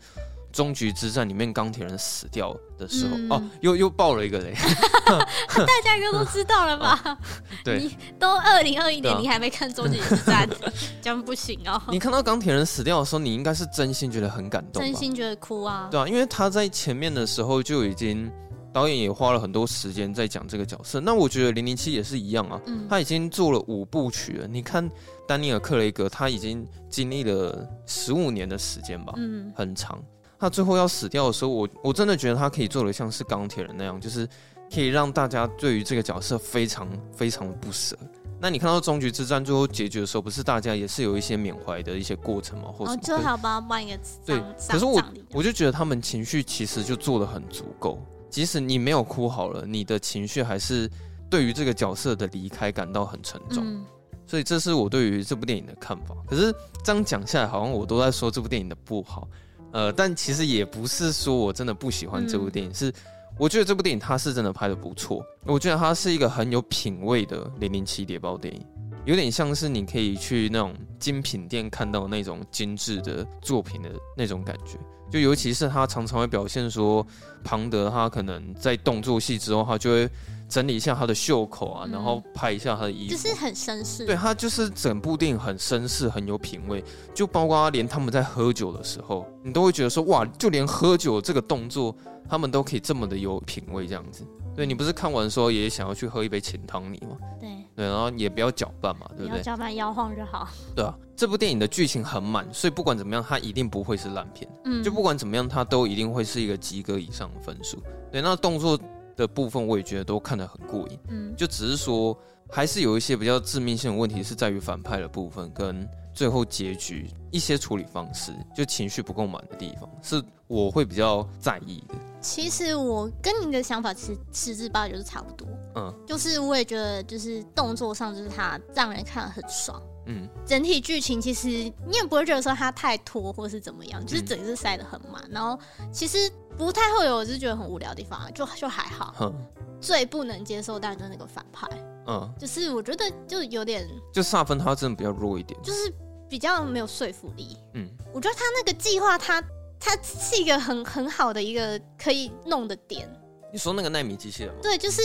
終局之戰裡面，鋼鐵人死掉的時候，哦、嗯啊，又又爆了一個人 大家應該都知道了吧？啊、對，你都二零二一年，你還沒看終局之戰， 這樣不行哦。你看到鋼鐵人死掉的時候，你應該是真心覺得很感動，真心覺得哭啊？對啊，因為他在前面的時候就已經，導演也花了很多時間在講這個角色。那我覺得零零七也是一樣啊，嗯、他已經做了五部曲了。你看丹尼爾·克雷格，他已經經歷了十五年的時間吧？嗯，很長。他最後要死掉的時候，我我真的覺得他可以做得像是鋼鐵人那樣，就是可以讓大家對於這個角色非常非常不捨。那你看到終局之戰最後結局的時候，不是大家也是有一些緬懷的一些過程嗎？或者哦，就好吧。對，可是我我就覺得他們情緒其實就做得很足夠，即使你沒有哭好了，你的情緒還是對於這個角色的離開感到很沉重。嗯。所以這是我對於這部電影的看法。可是這樣講下來，好像我都在說這部電影的不好。呃，但其實也不是說我真的不喜歡這部電影，嗯、是我覺得這部電影它是真的拍得不錯，我覺得它是一個很有品味的零零七諜報電影，有點像是你可以去那種精品店看到那種精緻的作品的那種感覺，就尤其是他常常會表現說，龐德他可能在動作戲之後，他就會。整理一下他的袖口啊、嗯，然後拍一下他的衣服，就是很紳士。對，他就是整部電影很紳士，很有品位。就包括連他們在喝酒的時候，你都會覺得說哇，就連喝酒這個動作，他們都可以這麼的有品位。這樣子。對，你不是看完的時候也想要去喝一杯琴湯尼嗎？對對，然後也不要攪拌嘛，對不對？攪拌，搖晃就好。對啊，這部電影的劇情很滿，所以不管怎麼樣，它一定不會是爛片。嗯，就不管怎麼樣，它都一定會是一個及格以上的分數。對，那動作。的部分我也覺得都看得很過癮，嗯，就只是說還是有一些比較致命性的問題是在於反派的部分跟最後結局一些處理方式，就情緒不夠滿的地方，是我會比較在意的。嗯，其實我跟你的想法其實十之八九是差不多。嗯，就是我也覺得，就是動作上就是他讓人看了很爽。嗯，整體劇情其實你也不會覺得說他太拖或是怎麼樣，嗯、就是整是塞的很滿。然後其實不太會有，我就覺得很無聊的地方，就就還好。最不能接受當然就是那個反派。嗯，就是我覺得就有點，就薩芬他真的比較弱一點，就是比較沒有說服力。嗯，我覺得他那個計劃，他他是一個很很好的一個可以弄的點。你說那個奈米機器人嗎？對，就是。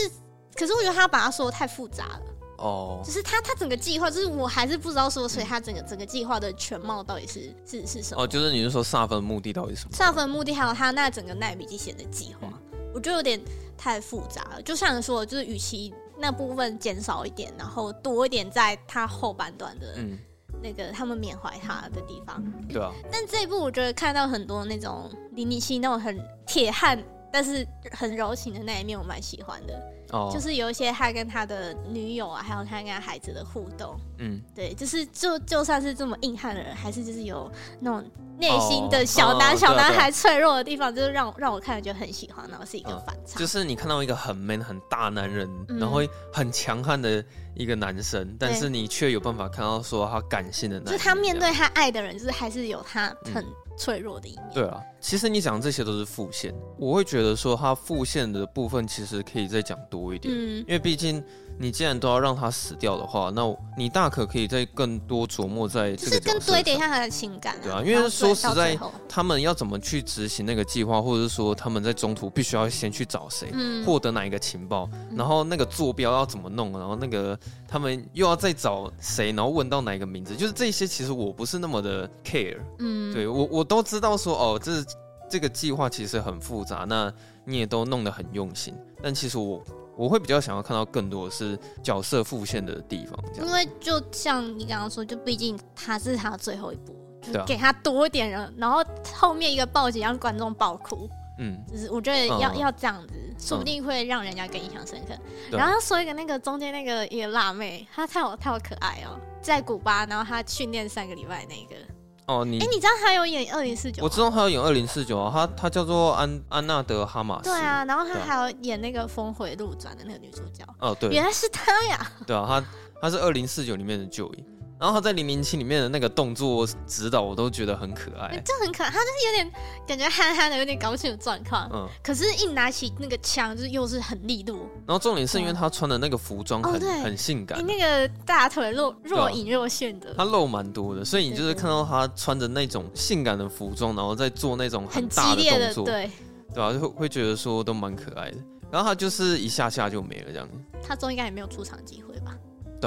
可是我覺得他把他說得太複雜了哦、oh.，就是他他整個計劃，就是我還是不知道說，所以他整個、嗯、整個計劃的全貌到底是是是什麼？哦、oh,，就是你是說薩芬的目的到底是什麼？薩芬的目的還有他那整個奈米機械的計劃、嗯，我覺得有點太複雜了。就像你說，就是與其那部分減少一點，然後多一點在他後半段的、那個、嗯，那個他們緬懷他的地方，對啊。嗯、但這一部我覺得看到很多那種007那種很鐵漢。但是很柔情的那一面我蠻喜歡的、oh.，就是有一些他跟他的女友啊，還有他跟他孩子的互動，嗯，對，就是就就算是這麼硬漢的人，還是就是有那種內心的小男 oh. Oh. 小男孩脆弱的地方，對啊對啊，就是讓讓我看了就很喜歡，然後是一個反差。Oh. 就是你看到一個很 man 很大男人，嗯、然後很強悍的一個男生，嗯、但是你卻有辦法看到說他感性的男，就他面對他愛的人，就是還是有他很脆弱的一面，嗯、對啊。其實你講這些都是複線，我會覺得說他複線的部分其實可以再講多一點，嗯，因為畢竟你既然都要讓他死掉的話，那你大可可以再更多琢磨在這個角色上，這是更多一點像他的情感、啊，對啊，啊，因為說實在，他們要怎麼去執行那個計劃，或者是說他們在中途必須要先去找誰，獲、嗯、得哪一個情報，然後那個坐標要怎麼弄，然後那個他們又要再找誰，然後問到哪一個名字，就是這些其實我不是那麼的 care，嗯，對我我都知道說哦這是。這個計劃其實很複雜，那你也都弄得很用心。但其實我我會比較想要看到更多的是角色復現的地方。因為就像你剛剛說，就畢竟他是他最後一部，啊，就給他多一點人，然後後面一個報警讓觀眾爆哭。嗯，就是我覺得要、嗯、要這樣子，說不定會讓人家更印象深刻。嗯、然後說一個那個中間那個一個辣妹，她太好太好可愛哦，在古巴，然後她訓練三個禮拜那個。哦，你哎、欸，你知道他有演《二零四九》？我知道他有演2049，他《二零四九》啊，他他叫做安安娜德哈馬斯，對啊，然後他還有演那個《峰回路轉》的那個女主角，哦，對，原來是他呀，對啊，他他是《二零四九》裡面的舊姨。然後他在零零七裡面的那個動作指導，我都覺得很可愛，就很可愛。他就是有點感覺憨憨的，有點搞不清楚的狀況。嗯，可是，一拿起那個槍，就是又是很力度。然後重點是因為他穿的那個服裝很、哦、很性感，那個大腿露若，若隱若現的，啊、他露蠻多的。所以你就是看到他穿着那種性感的服裝，然後在做那種很大的動作，對對吧、啊？就會會覺得說都蠻可愛的。然後他就是一下下就沒了這樣子。他終於應該也沒有出場機會吧？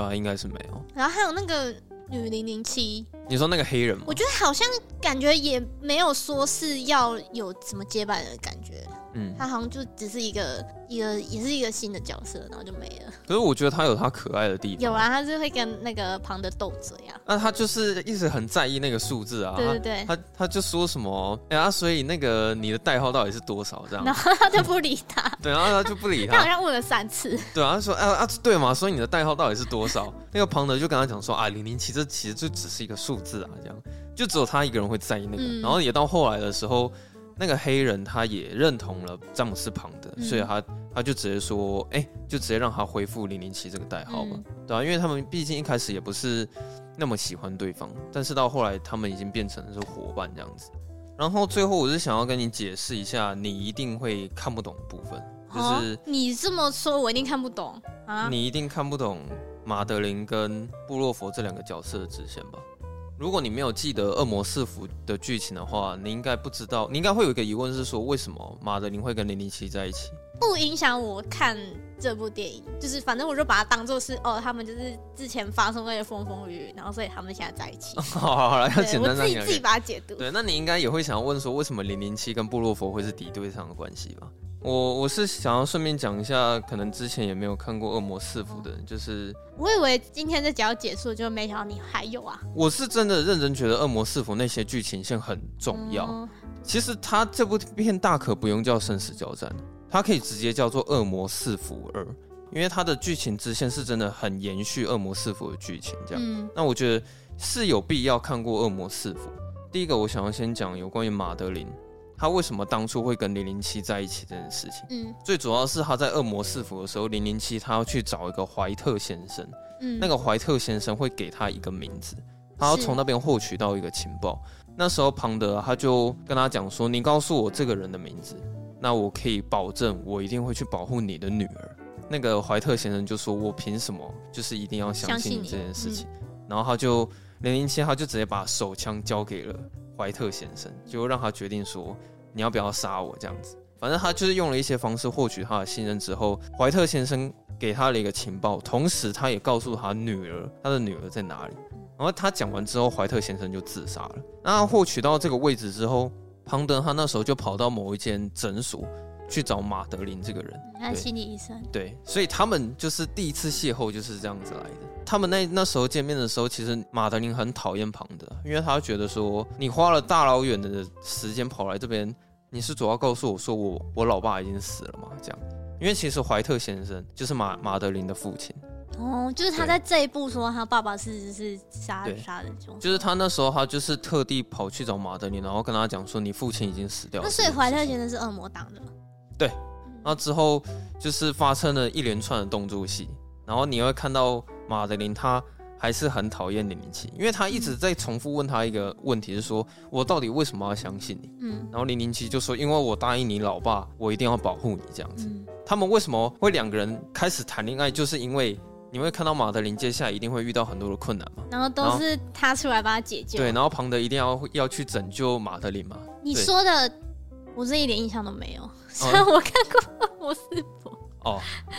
對，應該是沒有。然後還有那個女零零七，你說那個黑人嗎？我覺得好像感覺也沒有說是要有什麼接班人的感覺。嗯，他好像就只是一個一個也是一個新的角色，然後就沒了。可是我覺得他有他可愛的地方。有啊，他就會跟那個龐德鬥嘴啊。那他就是一直很在意那個數字啊。對對對，他他就說什麼，哎、欸、呀、啊，所以那個你的代號到底是多少這樣？然後他就不理他。 對啊，然後他就不理他。 他好像問了三次。對啊，他說，啊啊，對嘛，所以你的代號到底是多少？ 那個龐德就跟他講說，啊，零零七，其實其實就只是一個數字啊，這樣，就只有他一個人會在意那個。嗯、然後也到後來的時候。那個黑人他也認同了詹姆斯龐德，嗯，所以他他就直接說，哎、欸，就直接讓他恢復零零七這個代號吧，嗯，對啊，因為他們畢竟一開始也不是那麼喜歡對方，但是到後來他們已經變成了是夥伴這樣子。然後最後我是想要跟你解釋一下，你一定會看不懂部分，就是、哦、你這麼說，我一定看不懂啊，你一定看不懂瑪德琳跟布洛佛這兩個角色的支線吧。如果你沒有記得《惡魔四伏》的劇情的話，你應該不知道，你應該會有一個疑問是說，為什麼馬德琳會跟零零七在一起？不影響我看這部電影，就是反正我就把它當做是哦，他們就是之前發生了些風風雨雨，然後所以他們現在在一起。好，好，好了，要簡單再我自己自己把它解讀。對，那你應該也會想要問說，為什麼零零七跟布洛佛會是敵對上的關係吧？我我是想要順便講一下，可能之前也沒有看過《惡魔四伏》的人，嗯，就是我以為今天這集要結束，就沒想到你還有啊。我是真的認真覺得《惡魔四伏》那些劇情線很重要。嗯，其實它這部片大可不用叫生死交戰。他可以直接叫做《惡魔四伏二》，因為他的劇情支線是真的很延續《惡魔四伏》的劇情這樣，嗯。那我覺得是有必要看過《惡魔四伏》。第一個，我想要先講有關於馬德琳，他為什麼當初會跟零零七在一起這件事情。嗯，最主要是他在《惡魔四伏》的時候，零零七他要去找一個懷特先生。嗯，那個懷特先生會給他一個名字，他要從那邊獲取到一個情報。那時候龐德他就跟他講說：“你告訴我這個人的名字。”那我可以保證，我一定會去保護你的女兒。那個懷特先生就說：“我憑什麼？就是一定要相信你這件事情。嗯”然後他就零零七，他就直接把手槍交給了懷特先生，就讓他決定說：“你要不要殺我？”這樣子，反正他就是用了一些方式獲取他的信任之後，懷特先生給他了一個情報，同時他也告訴他女兒，他的女兒在哪裡。然後他講完之後，懷特先生就自殺了。那他獲取到這個位置之後。龐德他那時候就跑到某一間診所去找馬德林這個人，他心理醫生。對，對，所以他們就是第一次邂逅就是這樣子來的。他們那那時候見面的時候，其實馬德林很討厭龐德，因為他覺得說你花了大老遠的時間跑來這邊，你是主要告訴我說我我老爸已經死了嘛？這樣，因為其實懷特先生就是馬馬德林的父親。哦，就是他在這一部說他爸爸是是殺殺人兇手，就是他那時候他就是特地跑去找馬德林，然後跟他講說你父親已經死掉了。那所以懷特先生是惡魔黨的嗎？對。那、嗯、之後就是發生了一連串的動作戲，然後你會看到馬德林他還是很討厭零零七，因為他一直在重複問他一個問題，是說我到底為什麼要相信你？嗯，然後零零七就說因為我答應你老爸，我一定要保護你這樣子、嗯。他們為什麼會兩個人開始談戀愛，就是因為。你會看到馬德琳接下來一定會遇到很多的困難嘛？然後都是他出來把他解救。對，然後龐德一定要要去拯救馬德琳嘛？你說的，我是一點印象都沒有。雖然、嗯、我看過《惡魔四伏》哦，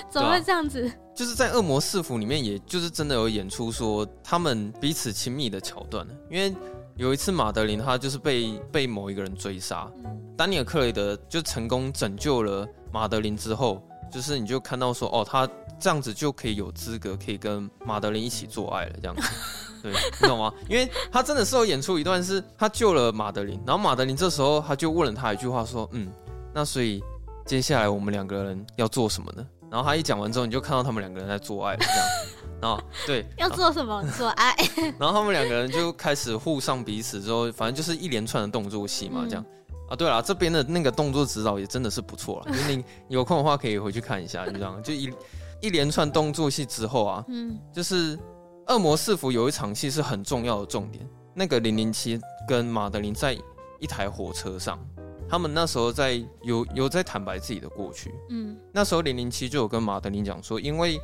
怎麼會這樣子？啊、就是在《惡魔四伏》裡面，也就是真的有演出說他們彼此親密的橋段，因為有一次馬德琳她就是被被某一個人追殺、嗯，丹尼爾克雷格就成功拯救了馬德琳之後。就是你就看到說哦，他這樣子就可以有資格可以跟馬德琳一起做愛了這樣子，對，你懂嗎？ 因為他真的是有演出一段，是他救了馬德琳，然後馬德琳這時候他就問了他一句話說，嗯，那所以接下來我們兩個人要做什麼呢？然後他一講完之後，你就看到他們兩個人在做愛了這樣子，然後對，要做什麼？做愛。 然後他們兩個人就開始互上彼此之後，反正就是一連串的動作戲嘛這樣。啊，對了，這邊的那個動作指導也真的是不錯了。 你有空的話可以回去看一下，就這樣。就一一連串動作戲之後啊，嗯，就是《惡魔四伏》有一場戲是很重要的重點。那個零零七跟馬德琳在一台火車上，他們那時候在有有在坦白自己的過去。嗯，那時候零零七就有跟馬德琳講說，因為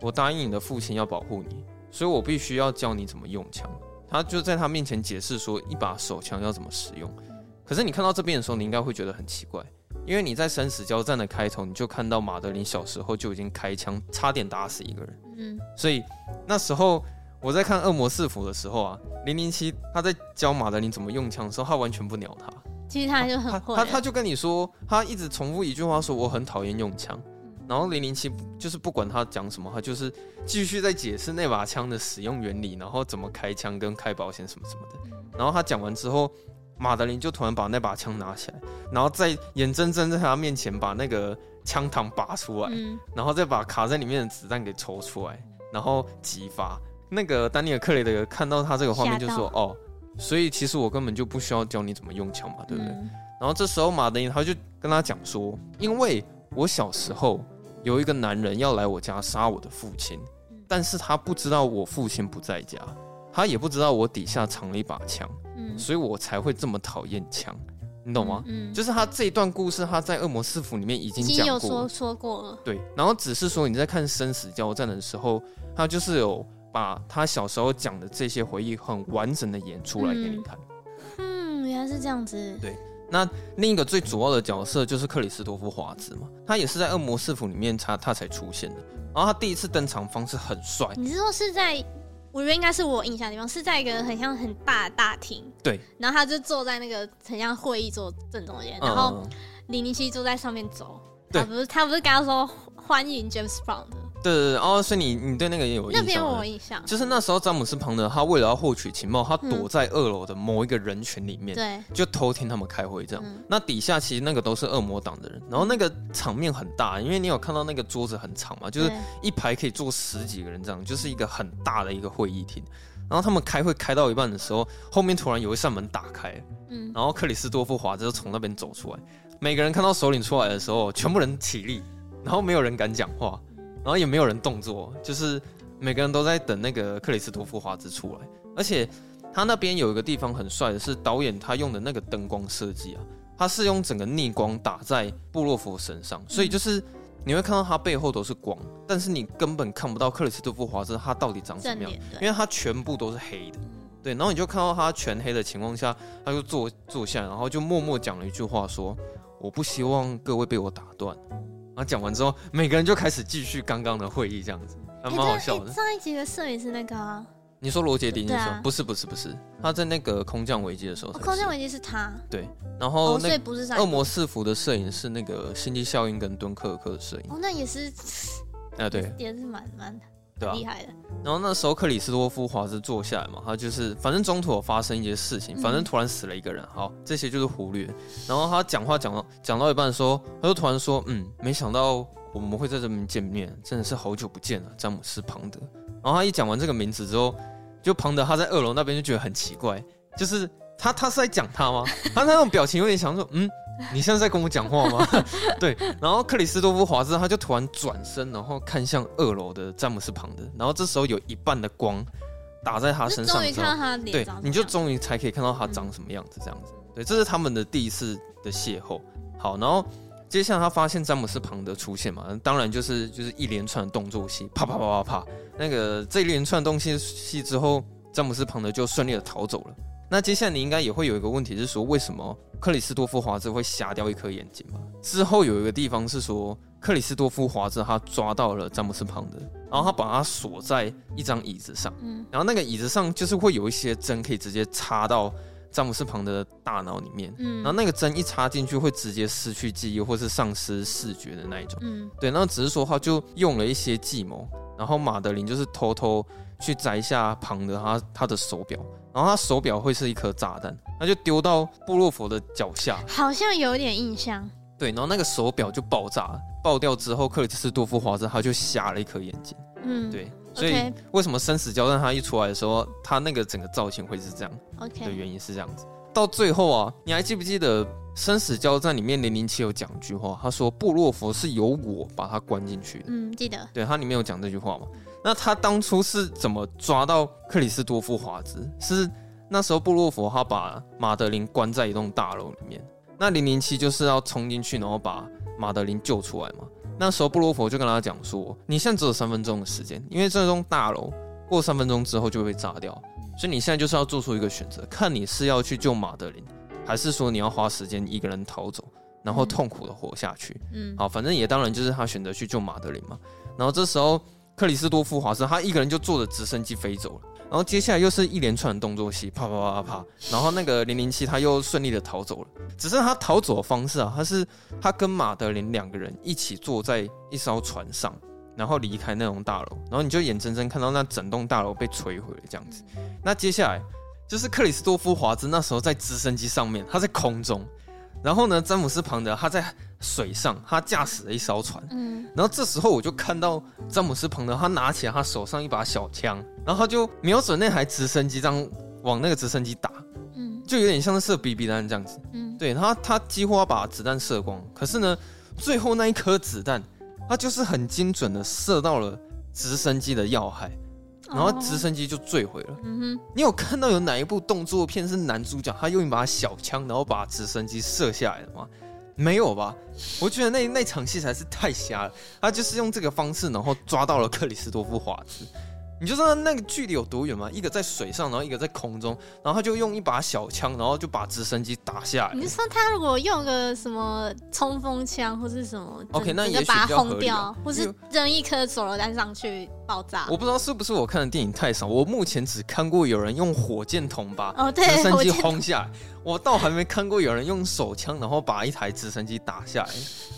我答應你的父親要保護你，所以我必須要教你怎麼用槍。他就在他面前解釋說，一把手槍要怎麼使用。可是你看到這邊的時候，你應該會覺得很奇怪，因為你在生死交戰的開頭，你就看到馬德琳小時候就已經開槍，差點打死一個人。嗯。所以那時候我在看《惡魔四伏》的時候啊，零零七他在教馬德琳怎麼用槍的時候，他完全不鳥他。其實他就很會了。他，他，他，他就跟你說，他一直重複一句話說：“我很討厭用槍。”然後零零七就是不管他講什麼，他就是繼續在解釋那把槍的使用原理，然後怎麼開槍、跟開保險什麼什麼的。然後他講完之後。馬德林就突然把那把槍拿起來，然後在眼睜睜在他面前把那個槍膛拔出來，嗯，然後再把卡在裡面的子彈給抽出來，然後擊發。那個丹尼爾·克雷格看到他這個畫面就說：“哦，所以其實我根本就不需要教你怎麼用槍嘛，對不對，嗯？”然後這時候馬德林他就跟他講說：“因為我小時候有一個男人要來我家殺我的父親，但是他不知道我父親不在家，他也不知道我底下藏了一把槍。嗯”所以我才會這麼討厭槍，你懂嗎嗯？嗯，就是他這一段故事，他在《惡魔四伏》裡面已經講過，說說過了。對，然後只是說你在看《生死交戰》的時候，他就是有把他小時候講的這些回憶很完整的演出來給你看嗯。嗯，原來是這樣子。對，那另一個最主要的角色就是克里斯托夫·華茲嘛，他也是在《惡魔四伏》裡面他他才出現的，然後他第一次登場方式很帥。你是說是在？我覺得應該是我印象的地方是在一個很像很大的大廳，對。然後他就坐在那個很像會議桌正中間，嗯，然後007坐在上面走，他不是他不是剛剛說歡迎 James Bond。對對對，哦，所以你你對那個也有，印象。啊、邊有我印象，就是那時候詹姆斯龐德他為了要獲取情報，他躲在二樓的某一個人群裡面，對、嗯，就偷聽他們開會這樣、嗯。那底下其實那個都是惡魔黨的人，然後那個場面很大，因為你有看到那個桌子很長嘛，就是一排可以坐十幾個人這樣，就是一個很大的一個會議廳。然後他們開會開到一半的時候，後面突然有一扇門打開，嗯，然後克里斯多夫華茲就從那邊走出來，每個人看到首領出來的時候，全部人起立，然後沒有人敢講話。然後也沒有人動作，就是每個人都在等那個克里斯托夫華茲出來。而且他那邊有一個地方很帥的是導演他用的那個燈光設計啊，他是用整個逆光打在布洛佛身上，所以就是你會看到他背後都是光，但是你根本看不到克里斯托夫華茲他到底長什麼樣，因為他全部都是黑的。對，然後你就看到他全黑的情況下，他就坐坐下來，然後就默默講了一句話說：“我不希望各位被我打斷。”啊，講完之後，每個人就開始繼續剛剛的會議，這樣子還蠻、啊欸、好笑的、欸。上一集的攝影是那個、啊，你說羅傑·迪金？對、啊、不是不是不是，他在那個空降危機的時候是、哦。空降危機是他。對，然後、哦、那惡魔四伏的攝影是那個，星際效應跟敦刻爾克的攝影。哦，那也是。哎、啊，對。也是蠻蠻厲、啊、害的。然後那時候克里斯多夫華茲坐下來嘛，他就是反正中途有發生一些事情，反正突然死了一個人，嗯、好這些就是忽略。然後他講話講到講到一半的時候，說他就突然說，嗯，沒想到我們會在這邊見面，真的是好久不見了，詹姆斯龐德。然後他一講完這個名字之後，就龐德他在二樓那邊就覺得很奇怪，就是他他是在講他嗎？他 他那種表情有點想說，嗯。你現在在跟我講話嗎？ 對，然後克里斯多夫華茲他就突然轉身，然後看向二樓的詹姆斯龐德，然後這時候有一半的光打在他身上，你對，你就終於才可以看到他長什麼樣子，這樣子，對，這是他們的第一次的邂逅。好，然後接下來他發現詹姆斯龐德出現嘛，當然就是就是一連串的動作戲，啪，啪啪啪啪啪，那個這一連串動作戲之後，詹姆斯龐德就順利的逃走了。那接下來你應該也會有一個問題，是說，為什麼克里斯多夫華茲會瞎掉一顆眼睛嘛？之後有一個地方是說，克里斯多夫華茲他抓到了詹姆斯龐德，然後他把他鎖在一張椅子上，嗯，然後那個椅子上就是會有一些針可以直接插到詹姆斯龐德大腦裡面，嗯，然後那個針一插進去會直接失去記憶或是喪失視覺的那一種，嗯，對，然後只是說他就用了一些計謀，然後馬德琳就是偷偷去摘下龐德他他的手錶。然後他手錶會是一顆炸彈，他就丟到布洛佛的腳下。好像有點印象。對，然後那個手錶就爆炸，爆掉之後，克里斯多夫華茲他就瞎了一顆眼睛。嗯，對，所以、okay. 為什麼生死交戰他一出來的時候，他那個整個造型會是這樣？OK，的原因是這樣子。Okay. 到最後啊，你還記不記得生死交戰裡面零零七有講一句話，他說布洛佛是由我把他關進去的。嗯，記得。對，他裡面有講這句話嘛？那他當初是怎麼抓到克里斯多夫華茲？是那時候布洛佛他把瑪德琳關在一棟大樓裡面，那零零七就是要衝進去，然後把瑪德琳救出來嘛。那時候布洛佛就跟他講說：“你現在只有三分鐘的時間，因為這棟大樓過三分鐘之後就會被炸掉，所以你現在就是要做出一個選擇，看你是要去救瑪德琳，還是說你要花時間一個人逃走，然後痛苦的活下去。”嗯，好，反正也當然就是他選擇去救瑪德琳嘛。然後這時候。克里斯多夫·華茲，他一個人就坐着直升機飛走了。然後接下來又是一連串的動作戲，啪啪啪啪啪。然後那個零零七他又順利的逃走了。只是他逃走的方式啊，他是他跟馬德琳兩個人一起坐在一艘船上，然後離開那棟大樓。然後你就眼睜睜看到那整棟大樓被摧毀了這樣子。那接下來就是克里斯多夫·華茲，那時候在直升機上面，他在空中。然後呢，詹姆斯·龐德他在。水上，他駕駛了一艘船，嗯，然後這時候我就看到詹姆斯·龐德，他拿起了他手上一把小槍，然後他就瞄準那台直升機，這樣往那個直升機打，嗯，就有點像是射 BB 彈這樣子，嗯，對，他，他幾乎要把子彈射光，可是呢，最後那一顆子彈，他就是很精準的射到了直升機的要害，然後直升機就墜毀了。哦、嗯哼，你有看到有哪一部動作片是男主角他用一把小槍，然後把直升機射下來的嗎？沒有吧？我覺得那那場戲才是太瞎了，他就是用這個方式，然後抓到了克里斯多夫華茲。你就說那個距離有多遠嘛一個在水上然後一個在空中然後他就用一把小槍然後就把直升機打下來你就說他如果用個什麼衝鋒槍或是什麼 OK 那也把它轟掉或是扔一顆手榴彈上去爆炸我不知道是不是我看的電影太少我目前只看過有人用火箭筒把、哦、直升機轟下來我,我倒還沒看過有人用手槍然後把一台直升機打下來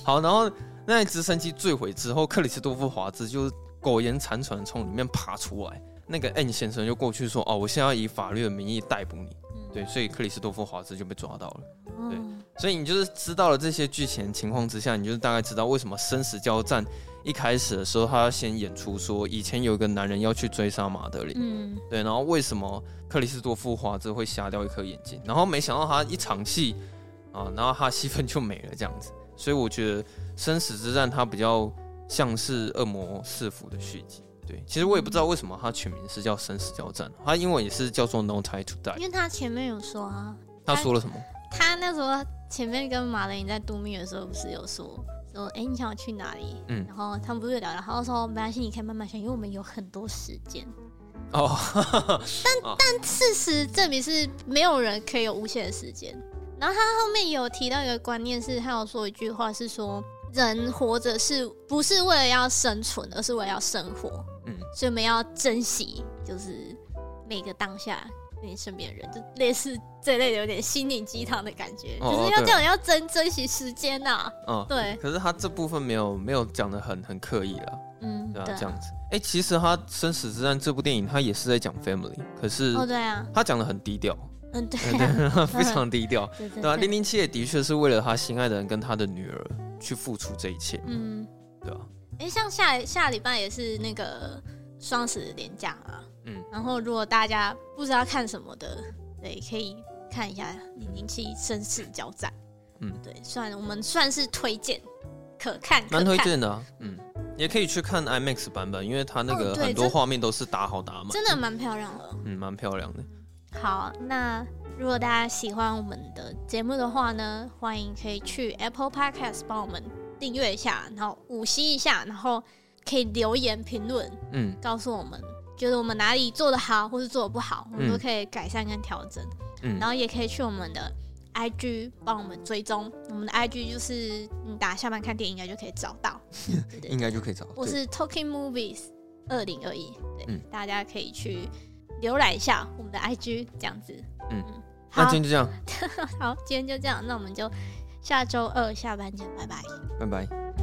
好然後那台直升機墜毀之後克里斯多夫華茲就苟延殘喘從裡面爬出來，那個 N 先生就過去說：“哦、啊，我現在要以法律的名義逮捕你。嗯”對，所以克里斯多夫華茲就被抓到了、嗯。對，所以你就是知道了這些劇情情況之下，你就是大概知道為什麼生死交戰一開始的時候，他要先演出說以前有一個男人要去追殺馬德里。嗯，對，然後為什麼克里斯多夫華茲會瞎掉一顆眼睛？然後沒想到他一場戲啊，然後他戲份就沒了這樣子。所以我覺得生死之戰他比較。像是《惡魔四伏》的續集，對，其實我也不知道為什麼他取名是叫《生死交戰》。他英文也是叫做 No Time to Die，因為他前面有說啊他，他說了什麼？他那時候前面跟馬雷在度蜜月的時候，不是有說說，哎，你想要去哪裡？嗯，然後他們不是有聊，然後說沒關係，你可以慢慢想，因為我們有很多時間。哦， 但但事實證明是沒有人可以有無限的時間。然後他後面有提到一個觀念是，是他有說一句話是說。人活着是不是為了要生存，而是為了要生活？嗯，所以我們要珍惜，就是每個當下，你身邊的人，就類似這類的有點心靈雞湯的感覺哦哦，就是要這樣，要珍珍惜時間吶、啊。嗯、哦，對。可是他這部分沒有沒有講的很很刻意了。嗯對、啊對啊，對啊，這樣子。哎、欸，其實他《生死之戰》這部電影，他也是在講 family，可是哦對啊，他講的很低調。嗯，對、啊， 非常低調。 對，對，對，對啊，零零七也的確是為了他心愛的人跟他的女兒去付出這一切，嗯，對啊，哎、欸，像下下禮拜也是那個雙十連假啊，嗯，然後如果大家不知道看什麼的，對，可以看一下《零零七：生死交戰》，嗯，對，算我們算是推薦，可看，蠻推薦的、啊，嗯，也可以去看 IMAX 版本，因為它那個很多畫、嗯、面都是打好打滿，真的蠻漂亮，啊嗯嗯、漂亮的，嗯，蠻漂亮的。好，那如果大家喜歡我們的節目的話呢，歡迎可以去 Apple Podcast 幫我們訂閱一下，然後五星一下，然後可以留言評論，嗯，告訴我們覺得、就是、我們哪裡做的好，或是做的不好，我們都可以改善跟調整。嗯，然後也可以去我們的 IG 幫我們追蹤、嗯，我們的 IG 就是你打下班看電影應該就可以找到， 對對對應該就可以找到，我是 Talking Movies 二零二一，對、嗯，大家可以去。瀏覽一下我們的 IG，這樣子。嗯嗯，好，今天就這樣。 好，今天就這樣。那我們就下周二下班見，拜拜。拜拜。